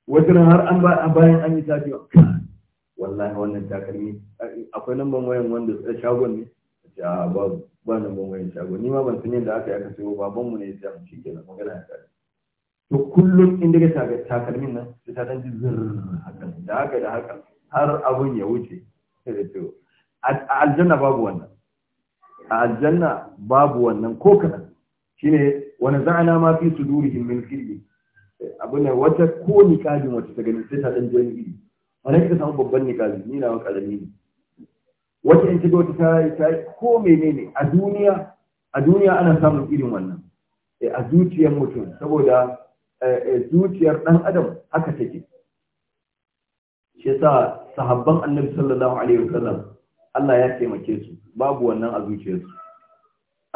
Speaker 1: wata har an bayan an yi tafiya wallahi wannan takalmi akwai lamban wayan wanda shagon ne a babu ba lamban wayan shagon ni ma ban san yadda aka yi aka sayo babanmu ne ya samu shi kenan magana ya tafi to kullum inda ga takalmin nan da ta danji zirr haka da haka da haka har abun ya wuce a aljanna babu wannan a aljanna babu wannan ko kanan shine wani za'ana ma fi sudurihim min ghilli abu ne wata ko niqabin wata ta gani sai ta danji wani iri wani ka samu babban niqabi ni na ƙarami ne wata in shiga wata ta ta ko menene a duniya a duniya ana samun irin wannan eh, a zuciyar mutum saboda Eh, zuciyar ɗan adam haka take shi sa sahabban annabi sallallahu alaihi wasallam Allah ya taimake su babu wannan a zuciyarsu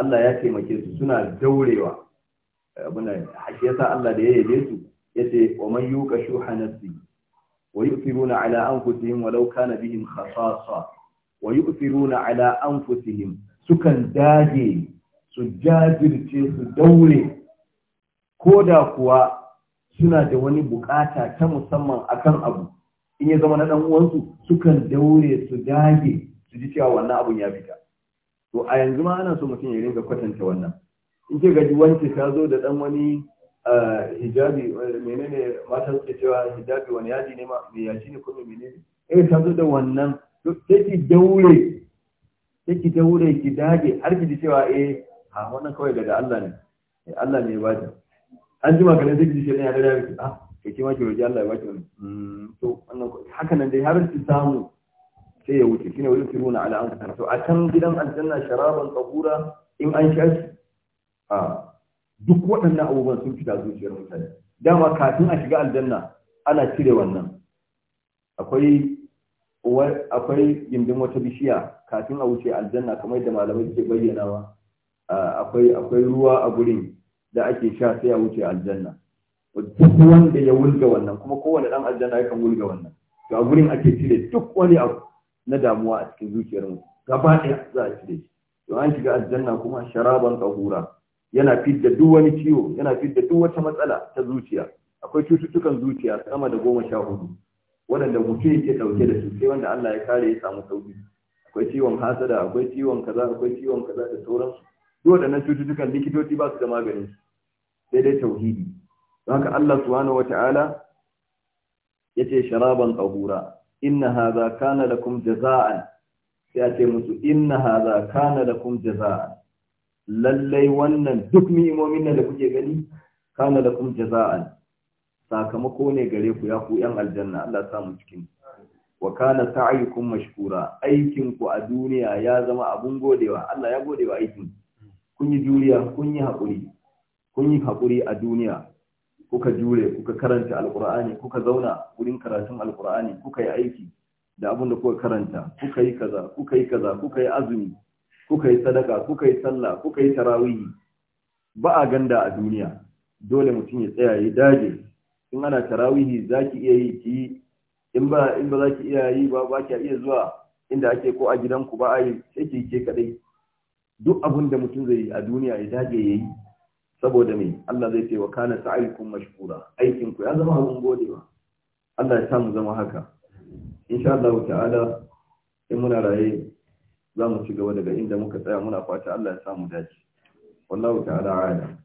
Speaker 1: Allah ya taimake su suna daurewa eh, abuna shi yasa Allah da ya yabe su yace wa man yuqa shuha nafsi wa yu'thiruna ala anfusihim walau kana bihim khasasa wa yu'thiruna ala anfusihim sukan dage su jajirce su daure ko da kuwa suna da wani bukata ta musamman akan abu in ya zama na dan uwansu sukan daure su dage su ji cewa wannan abun ya fita to a yanzu ma ana so mutum ya rinka kwatanta wannan in ke gaji wance ta zo da dan wani eh, hijabi eh, menene mata suke cewa hijabi wani yaji ne ma me yaji ne kuma menene eh ta zo da wannan sai ki daure sai ki daure ki dage har ki ji cewa eh a wannan kawai daga Allah ne eh, Allah ne ya bada an jima kanin sai ki ce da dare ki ah kai ki ma ki roki Allah ya baki mm, to wannan haka nan dai har su samu sai ya wuce shine wajen siruna ala an kasar to a can gidan aljanna sharaban tsakura in an sha shi a duk waɗannan abubuwan sun fita zuciyar mutane dama kafin a shiga aljanna ana cire wannan akwai akwai gindin wata bishiya kafin a wuce aljanna kamar da malamai suke bayyanawa akwai akwai ruwa a gurin da ake sha sai a wuce aljanna duk wanda ya wulga wannan kuma kowane dan aljanna yakan wulga wannan to a gurin ake cire duk wani abu na damuwa a cikin zuciyar mu gaba ɗaya za a cire shi to an shiga aljanna kuma sharaban kahura yana fidda duk wani ciwo yana fidda duk wata matsala ta zuciya akwai cututtukan zuciya sama da goma sha hudu waɗanda mutum yake ɗauke da su sai wanda Allah ya kare ya samu sauki akwai ciwon hasada akwai ciwon kaza akwai ciwon kaza da sauransu duk waɗannan cututtukan likitoci ba su da maganin su sai dai tauhidi don haka Allah subhanahu wata'ala yace sharaban qahura inna hadha kana lakum jazaan sai a musu inna hadha kana lakum jazaan lallai wannan duk ni'imomin nan da kuke gani kana lakum jazaan sakamako ne gare ku ya ku yan aljanna Allah ya samu cikin wa kana sa'yukum mashkura aikin ku a duniya ya zama abun godewa Allah ya godewa aikin kun yi juriya kun yi haƙuri. kun yi hakuri a duniya kuka jure kuka karanta alƙur'ani kuka zauna wurin karatun alƙur'ani kuka yi aiki da abin da kuka karanta kuka yi kaza kuka yi kaza kuka yi azumi kuka yi sadaka kuka yi sallah kuka yi tarawihi ba a ganda a duniya dole mutum ya tsaya ya dage in ana tarawihi za iya yi ki in ba in ba za iya yi ba ba ki iya zuwa inda ake ko a gidanku ba a yi sai ki ke kadai duk abin da mutum zai yi a duniya ya dage yayi saboda mai Allah zai ce wa kana sa'aikun mashkura aikin ku ya zama abun godewa Allah ya samu zama haka insha Allah ta'ala in muna raye za mu ci gaba daga inda muka tsaya muna fata Allah ya samu dace wallahu ta'ala a'lam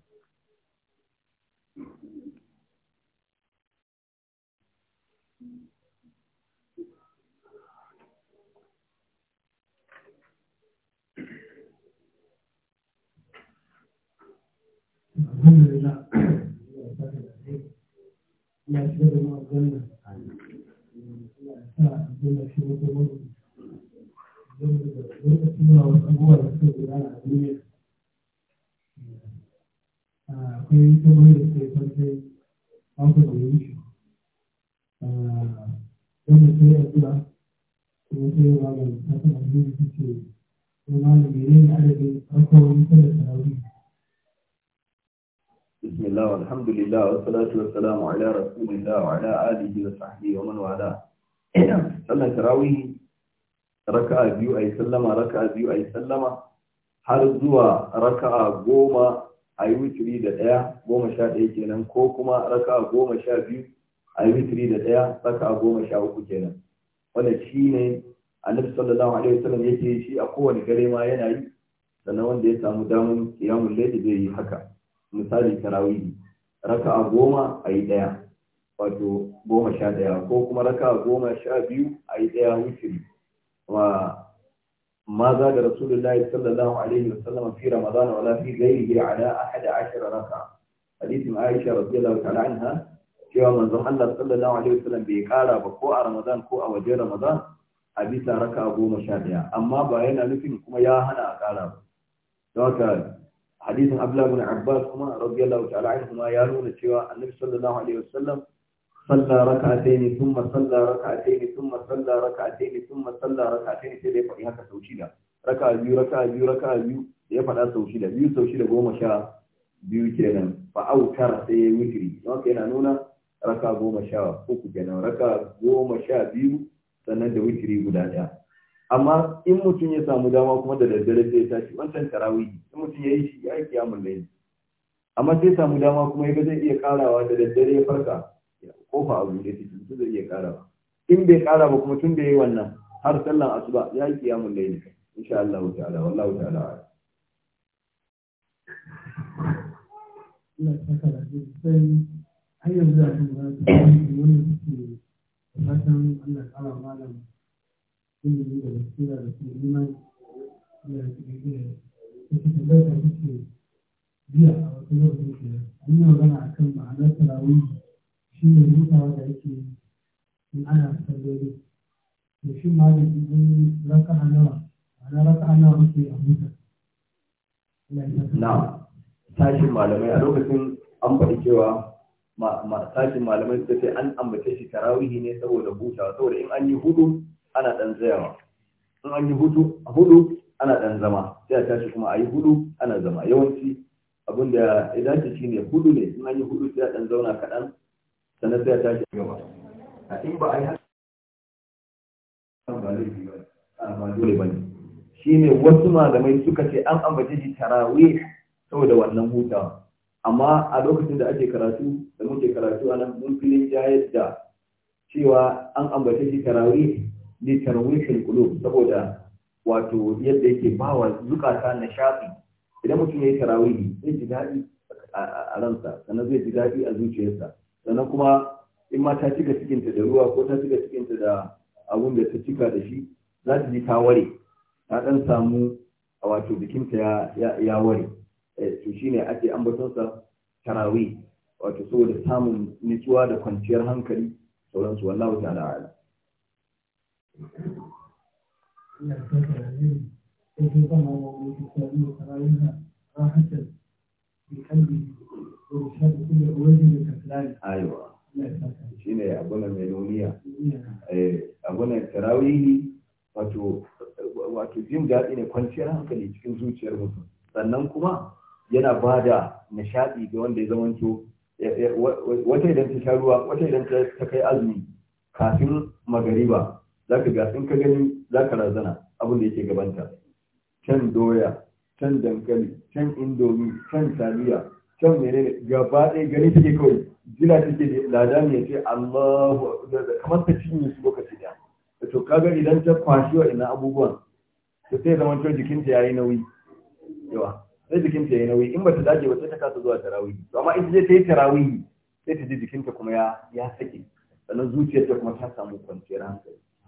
Speaker 3: alhamdulillah ya shiga da mu aljanna ya sa aljanna shi ne kuma lokacin da wasu da da kuma kuma kuma da menene adadin farko wani
Speaker 1: بسم الله والحمد لله والصلاة والسلام على رسول الله وعلى آله وصحبه ومن والاه صلى تراويح ركعة بيو أي سلمة ركعة بيو أي سلمة har zuwa raka'a goma a yi witiri da ɗaya goma sha ɗaya kenan ko kuma raka'a goma sha biyu a yi witiri da ɗaya raka'a goma sha uku kenan wanda shi ne annabi sallallahu alaihi wasallam yake shi a kowane gare ma yana yi sannan wanda ya samu damar kiyamun laifi zai yi haka misali tarawi raka a goma a yi ɗaya wato goma sha ɗaya ko kuma raka a goma sha biyu a yi ɗaya wuturi wa maza da rasulullah sallallahu alaihi wa sallam fi ramadan wa la fi ghairihi ala ahad ashara raka hadithin aisha radiyallahu ta'ala anha cewa manzon Allah sallallahu alaihi wa sallam bai kara ba ko a ramadan ko a waje ramadan a bisa raka goma sha ɗaya amma ba yana nufin kuma ya hana a kara ba don haka hadisin abdullahi bin abbas kuma radiyallahu ta'ala anhuma ya nuna cewa annabi sallallahu alaihi wasallam صلى ركعتين ثم صلى ركعتين ثم صلى ركعتين ثم صلى ركعتين sai dai faɗi haka sau shida raka biyu raka biyu raka biyu ya faɗa sau shida biyu sau shida goma sha biyu kenan fa autar sai ya witri don haka yana nuna raka goma sha uku kenan raka goma sha biyu sannan da witri guda ɗaya amma in mutum ya samu dama kuma da daddare sai ya tashi wancan tarawihi in mutum ya yi shi ya yi kiyamun laili amma sai samu dama kuma ya zai iya karawa da daddare ya farka kofa a buɗe take mutum zai iya karawa in bai kara ba kuma tun da yi wannan har sallan asuba ya yi kiyamun in insha Allah ta'ala ala ta'ala Allah ta
Speaker 3: kara da sai har yanzu da kuma wani fatan Allah ya kara malam ilimi da basira da imani da jiya. da ke biya a wasu lokacin an yi magana a kan ma'anar tarawih shi ne da yake in ana salloli shi nawa a
Speaker 1: na tashin malamai a lokacin an tashin malamai suka ce an ambace shi tarawihi ne saboda buta saboda in an yi hudu ana ɗan tsayawa in an yi hudu a hudu ana ɗan zama sai a tashi kuma a yi hudu ana zama yawanci abin da ya dace shi ne hudu ne in an yi hudu sai a ɗan zauna kaɗan sannan sai a tashi gaba a in ba a yi haka ba ba dole ba ne shi ne wasu malamai suka ce an ambace shi tarawe saboda wannan hutawa amma a lokacin da ake karatu da muke karatu a nan mun filin ya yadda cewa an ambace shi tarawe li tarwihil qulub saboda wato yadda yake ba wa zukata shafi idan mutum ya yi tarawihi zai ji daɗi a ransa sannan zai ji daɗi a zuciyarsa sannan kuma in ma ta cika cikinta da ruwa ko ta cika cikinta da abun da ta cika da shi za ta ji ta ware ta ɗan samu a wato jikinta ya ware to shi ne ake ambatonsa tarawi wato saboda samun nutsuwa da kwanciyar hankali sauransu wallahu ta'ala Aiwa. Shi ne eh, wato jin daɗi ne kwanciyar hankali cikin zuciyar mutum. Sannan kuma yana ba da nishaɗi ga wanda ya zamanto wata idan ta sha ruwa wata idan ta kai azumi kafin magariba za ka ga in ka gani za ka razana abin da yake gabanta can doya can dankali can indomi can taliya can menene gaba ɗaya gani take kawai jira take lada ne ce Allahu kamar ta cinye su lokaci da to kaga idan ta kwashi wa ina abubuwan to sai zaman to jikinta yayi nauyi yawa sai jikinta yayi nauyi in bata dage ba sai ta kasa zuwa tarawih to amma ta je ta yi tarawih sai ta ji jikinta kuma ya ya sake sannan zuciyarta kuma ta samu kwanciyar hankali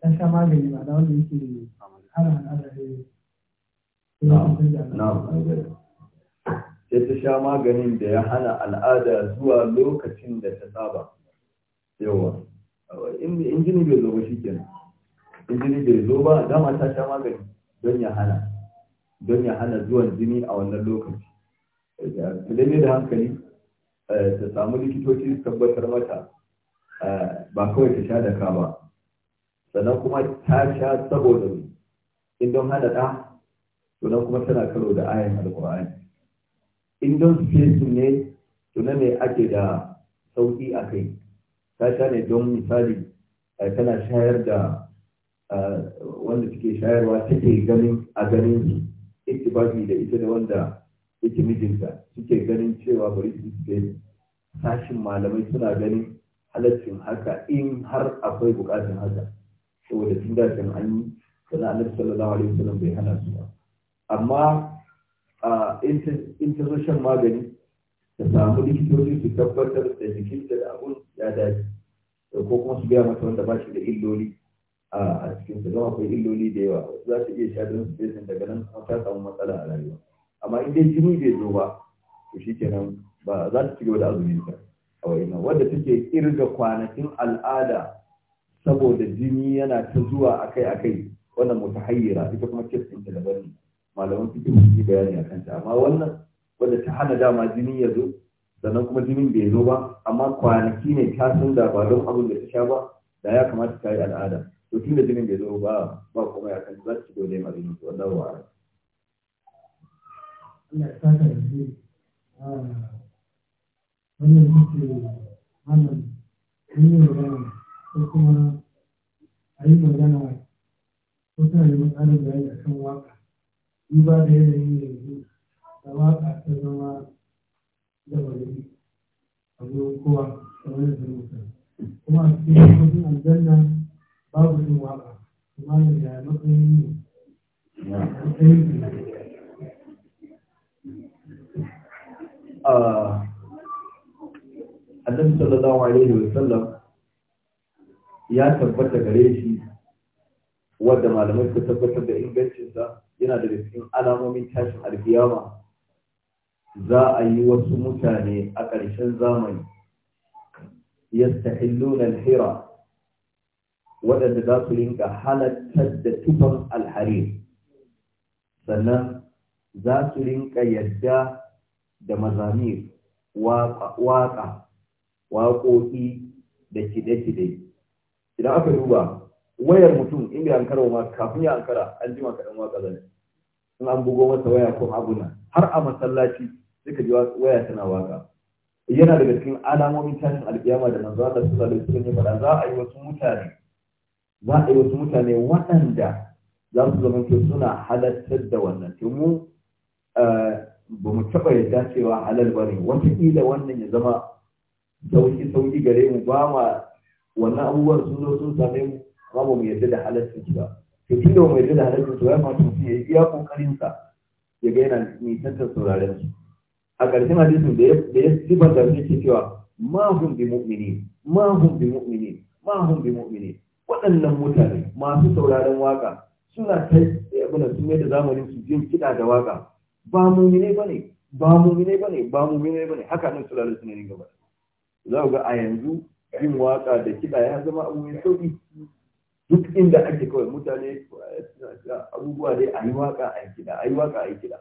Speaker 3: ta sha magani ba wanda
Speaker 1: sai ta sha maganin da ya hana al'ada zuwa lokacin da ta saba yawa injini bai zo ba shi kenan injini bai zo ba dama ta sha magani don ya hana don ya hana zuwan jini a wannan lokaci Da daidai da hankali ta samu likitoci tabbatar mata ba kawai ta sha da ka ba sannan kuma ta sha saboda in don hada ɗa sannan kuma tana karo da ayin alƙur'ani in don su ne to ne ake da sauƙi a kai ta sha ne don misali eh, tana shayar da eh, wanda suke shayarwa take ganin a ganin su ba da ita da wanda yake mijinta suke ganin cewa bari su sashin malamai suna ganin halaccin haka in har akwai bukatun haka saboda tun da kan an yi sana annabi sallallahu alaihi wasallam bai hana su ba amma a ta magani ta samu likitoci su tabbatar da jikinta da abun ya dace ko kuma su biya mata wanda ba shi da illoli a cikin ta zama akwai illoli da yawa za su iya sha don su fesin daga nan an ta samu matsala a rayuwa amma in dai jini bai zo ba to kenan ba za ta ci gaba da azumin ta waina wanda take kirga kwanakin al'ada saboda jini yana ta zuwa akai akai wannan mutahayyira ita kuma ce sun ta dabari malaman fiqh su yi bayani akan ta amma wannan wanda ta hana dama jini ya zo sannan kuma jini bai zo ba amma kwanaki ne ta san da ba don abin da ta sha ba da ya kamata ta yi al'ada to tun da jinin bai zo ba ba kuma ya kan za su dole ma jini su wallahu a'lam
Speaker 3: Allah ya wannan shi ke hannun magana ko kuma a yi magana ko ta yi matsalar kan waka duba da yanayin yanzu da waka ta zama da wani a gurin kowa kamar da zama kuma a cikin yankin aljanna babu yin waka kuma da ya matsayin
Speaker 1: matsayin annabi sallallahu alaihi wa sallam ya tabbata gare shi wanda malamai suka tabbatar da ingancinsa yana da cikin alamomin tashin alkiyama za a yi wasu mutane a ƙarshen zamani yastahilluna alhira waɗanda za su rinka halattar da tufan alharir sannan za su rinka yadda da mazamir waƙa waƙoƙi da kide-kide idan aka duba wayar mutum in bai ankara ma kafin ya ankara an jima kaɗan waƙa zane in an bugo masa waya ko abuna har a masallaci suka ji waya tana waƙa yana daga cikin alamomin tashin alƙiyama da nan, Allah su alaihi wasallam ya faɗa za a yi wasu mutane za a yi wasu mutane waɗanda za su zama suna halartar da wannan to mu eh, ba mu taɓa yadda cewa halal ba ne wataƙila wannan ya zama sauki sauki gare mu ba ma wannan abubuwan sun zo sun same mu ba mu yadda da halaccin ba to tun da mu yadda da halaccin su ba ma to ya yi iya kokarin sa ya ga yana nisantar sauraren su a ƙarshen hadisin da ya sifa da yake cewa ma hum bi mu'mini ma hum bi mu'mini ma hum bi mu'mini waɗannan mutane masu sauraren waka suna ta abin su mai da zamanin su jin kiɗa da waka ba mu bane ba mu bane ba mumine bane haka nan sallallahu suna ne gaba za ga a yanzu yin waka da kiɗa ya zama abu mai sauki duk inda ake kawai mutane abubuwa dai a yi waka a yi kiɗa a yi waka a yi kiɗa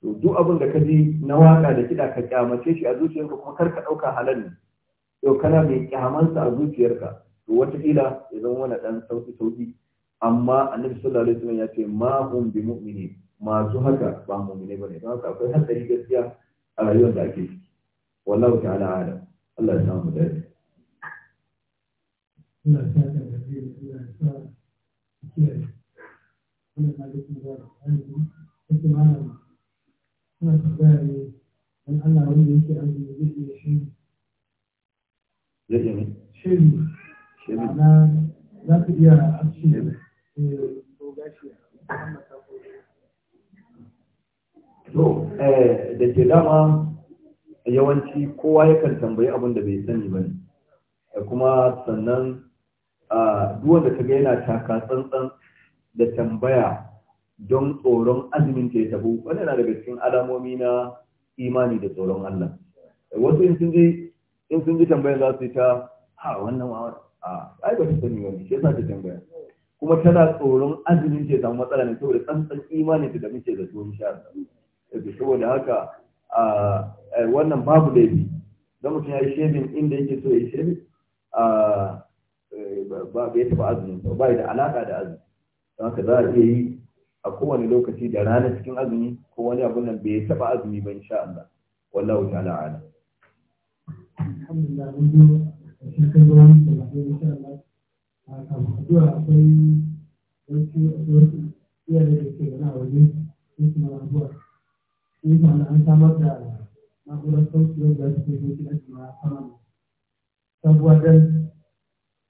Speaker 1: to duk abin da ka ji na waka da kiɗa ka kyamace shi a zuciyarka kuma kar ka ɗauka halal ne to kana mai kyamansa a zuciyarka to wataƙila ya zama wani ɗan sauki sauki amma annabi sallallahu alaihi wasallam ya ce ma hum bi mu'mini masu haka ba mu'mini bane don haka akwai hatsari gaskiya a rayuwar da ake ciki wallahu ta'ala alam Allah ya samu dace Allah ya saka da
Speaker 3: zai Allah ya da kiyaye wannan na duk da ayyuka kuma malam suna tambaya ne dan Allah wanda yake azumi zai iya shi zai iya shi shi na za ka iya aski ne to gashi
Speaker 1: to eh da ke dama yawanci kowa yakan tambayi abin da bai sani ba ne kuma sannan duwan da kaga yana taka tsantsan da tambaya don tsoron azumin ta ya tabo wani na daga cikin alamomi na imani da tsoron Allah wasu in sun ji in sun ji tambayar za su yi ta ha wannan wa a ai ba su sani wani shi yasa ta tambaya kuma tana tsoron azumin ta ya samu matsala ne saboda tsantsan imani ta da muke da to insha Allah saboda haka wannan babu laifi don mutum ya yi shebin inda yake so ya yi shebin ba bai taɓa azumin ba bai da alaƙa da azumi don haka za a iya yi a kowane lokaci da rana cikin azumi ko wani abu nan bai taɓa azumi ba insha Allah wallahu ta'ala ala
Speaker 3: alhamdulillah mun zo a cikin ruwan da ba insha Allah a kafin zuwa akwai wasu wasu iyaye da ke gana waje su kuma abuwa Nisa an samar da na'urar sauki wanda su ke da jima sama sabuwa don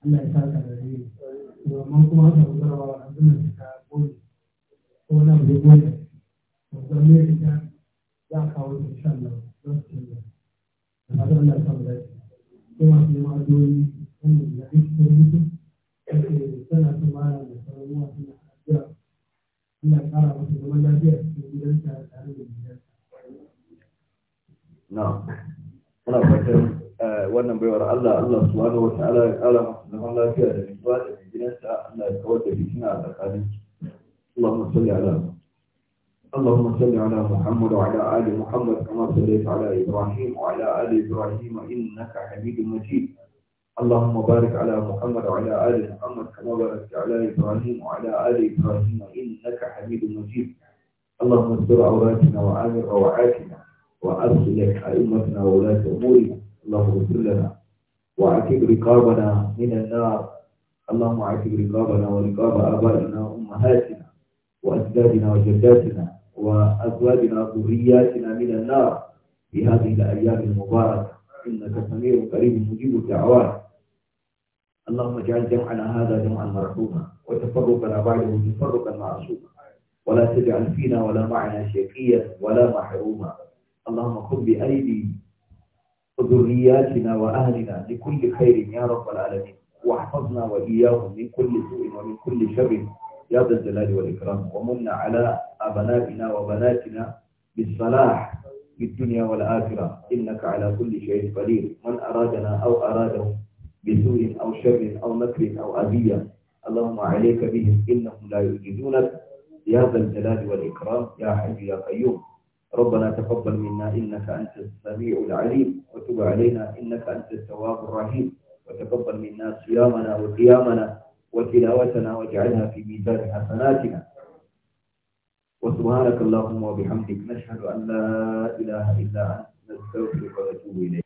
Speaker 3: Allah ya saka da rai. Domin kuma aka gudarawa wa azumin ta gole ko wani abu ya gole. Babban mai ita za a kawo ta shan da don su ke da fatan Allah ya samu da Sai masu neman addu'o'i wanda da ake cikin mutum. Tana su mara zaman lafiya cikin gidansa tare da gidansa.
Speaker 1: Na, muna fatan wannan baiwar Allah Allah subhanahu wa ta'ala ya kara masa zaman lafiya da nutsuwa da gidansa Allah ya kawar da fitina a tsakanin Allahumma salli ala اللهم صل على محمد وعلى آل محمد كما صليت على إبراهيم وعلى آل إبراهيم إنك حميد مجيد اللهم بارك على محمد وعلى آل محمد كما باركت على إبراهيم وعلى آل إبراهيم إنك حميد مجيد اللهم استر عوراتنا وآمن روعاتنا وأصلح أئمتنا وولاة أمورنا اللهم اغفر لنا وعتب رقابنا من النار اللهم عتب رقابنا ورقاب آبائنا وأمهاتنا وأجدادنا وجداتنا وأزواجنا وذرياتنا من النار في هذه الأيام المباركة إنك سميع قريب مجيب الدعوات اللهم اجعل جمعنا هذا جمعا مرحوما وتفرقنا بعده تفرقا معصوما ولا تجعل فينا ولا معنا شقيا ولا محروما اللهم خذ بأيدي
Speaker 3: ذرياتنا وأهلنا لكل خير يا رب العالمين
Speaker 1: واحفظنا وإياهم من كل سوء ومن كل شر يا ذا الجلال والإكرام ومن على أبنائنا وبناتنا بالصلاح في الدنيا والآخرة إنك على كل شيء قدير من أرادنا أو أراده بسوء أو شر أو مكر أو أذية اللهم عليك بهم إنهم لا يجدونك يا ذا الجلال والإكرام يا حي يا قيوم ربنا تقبل منا إنك أنت السميع العليم وتب علينا إنك أنت التواب الرحيم وتقبل منا صيامنا وقيامنا وتلاوتنا واجعلها في ميزان حسناتنا وسبحانك اللهم وبحمدك نشهد أن لا إله إلا أنت نستغفرك
Speaker 3: ونتوب إليك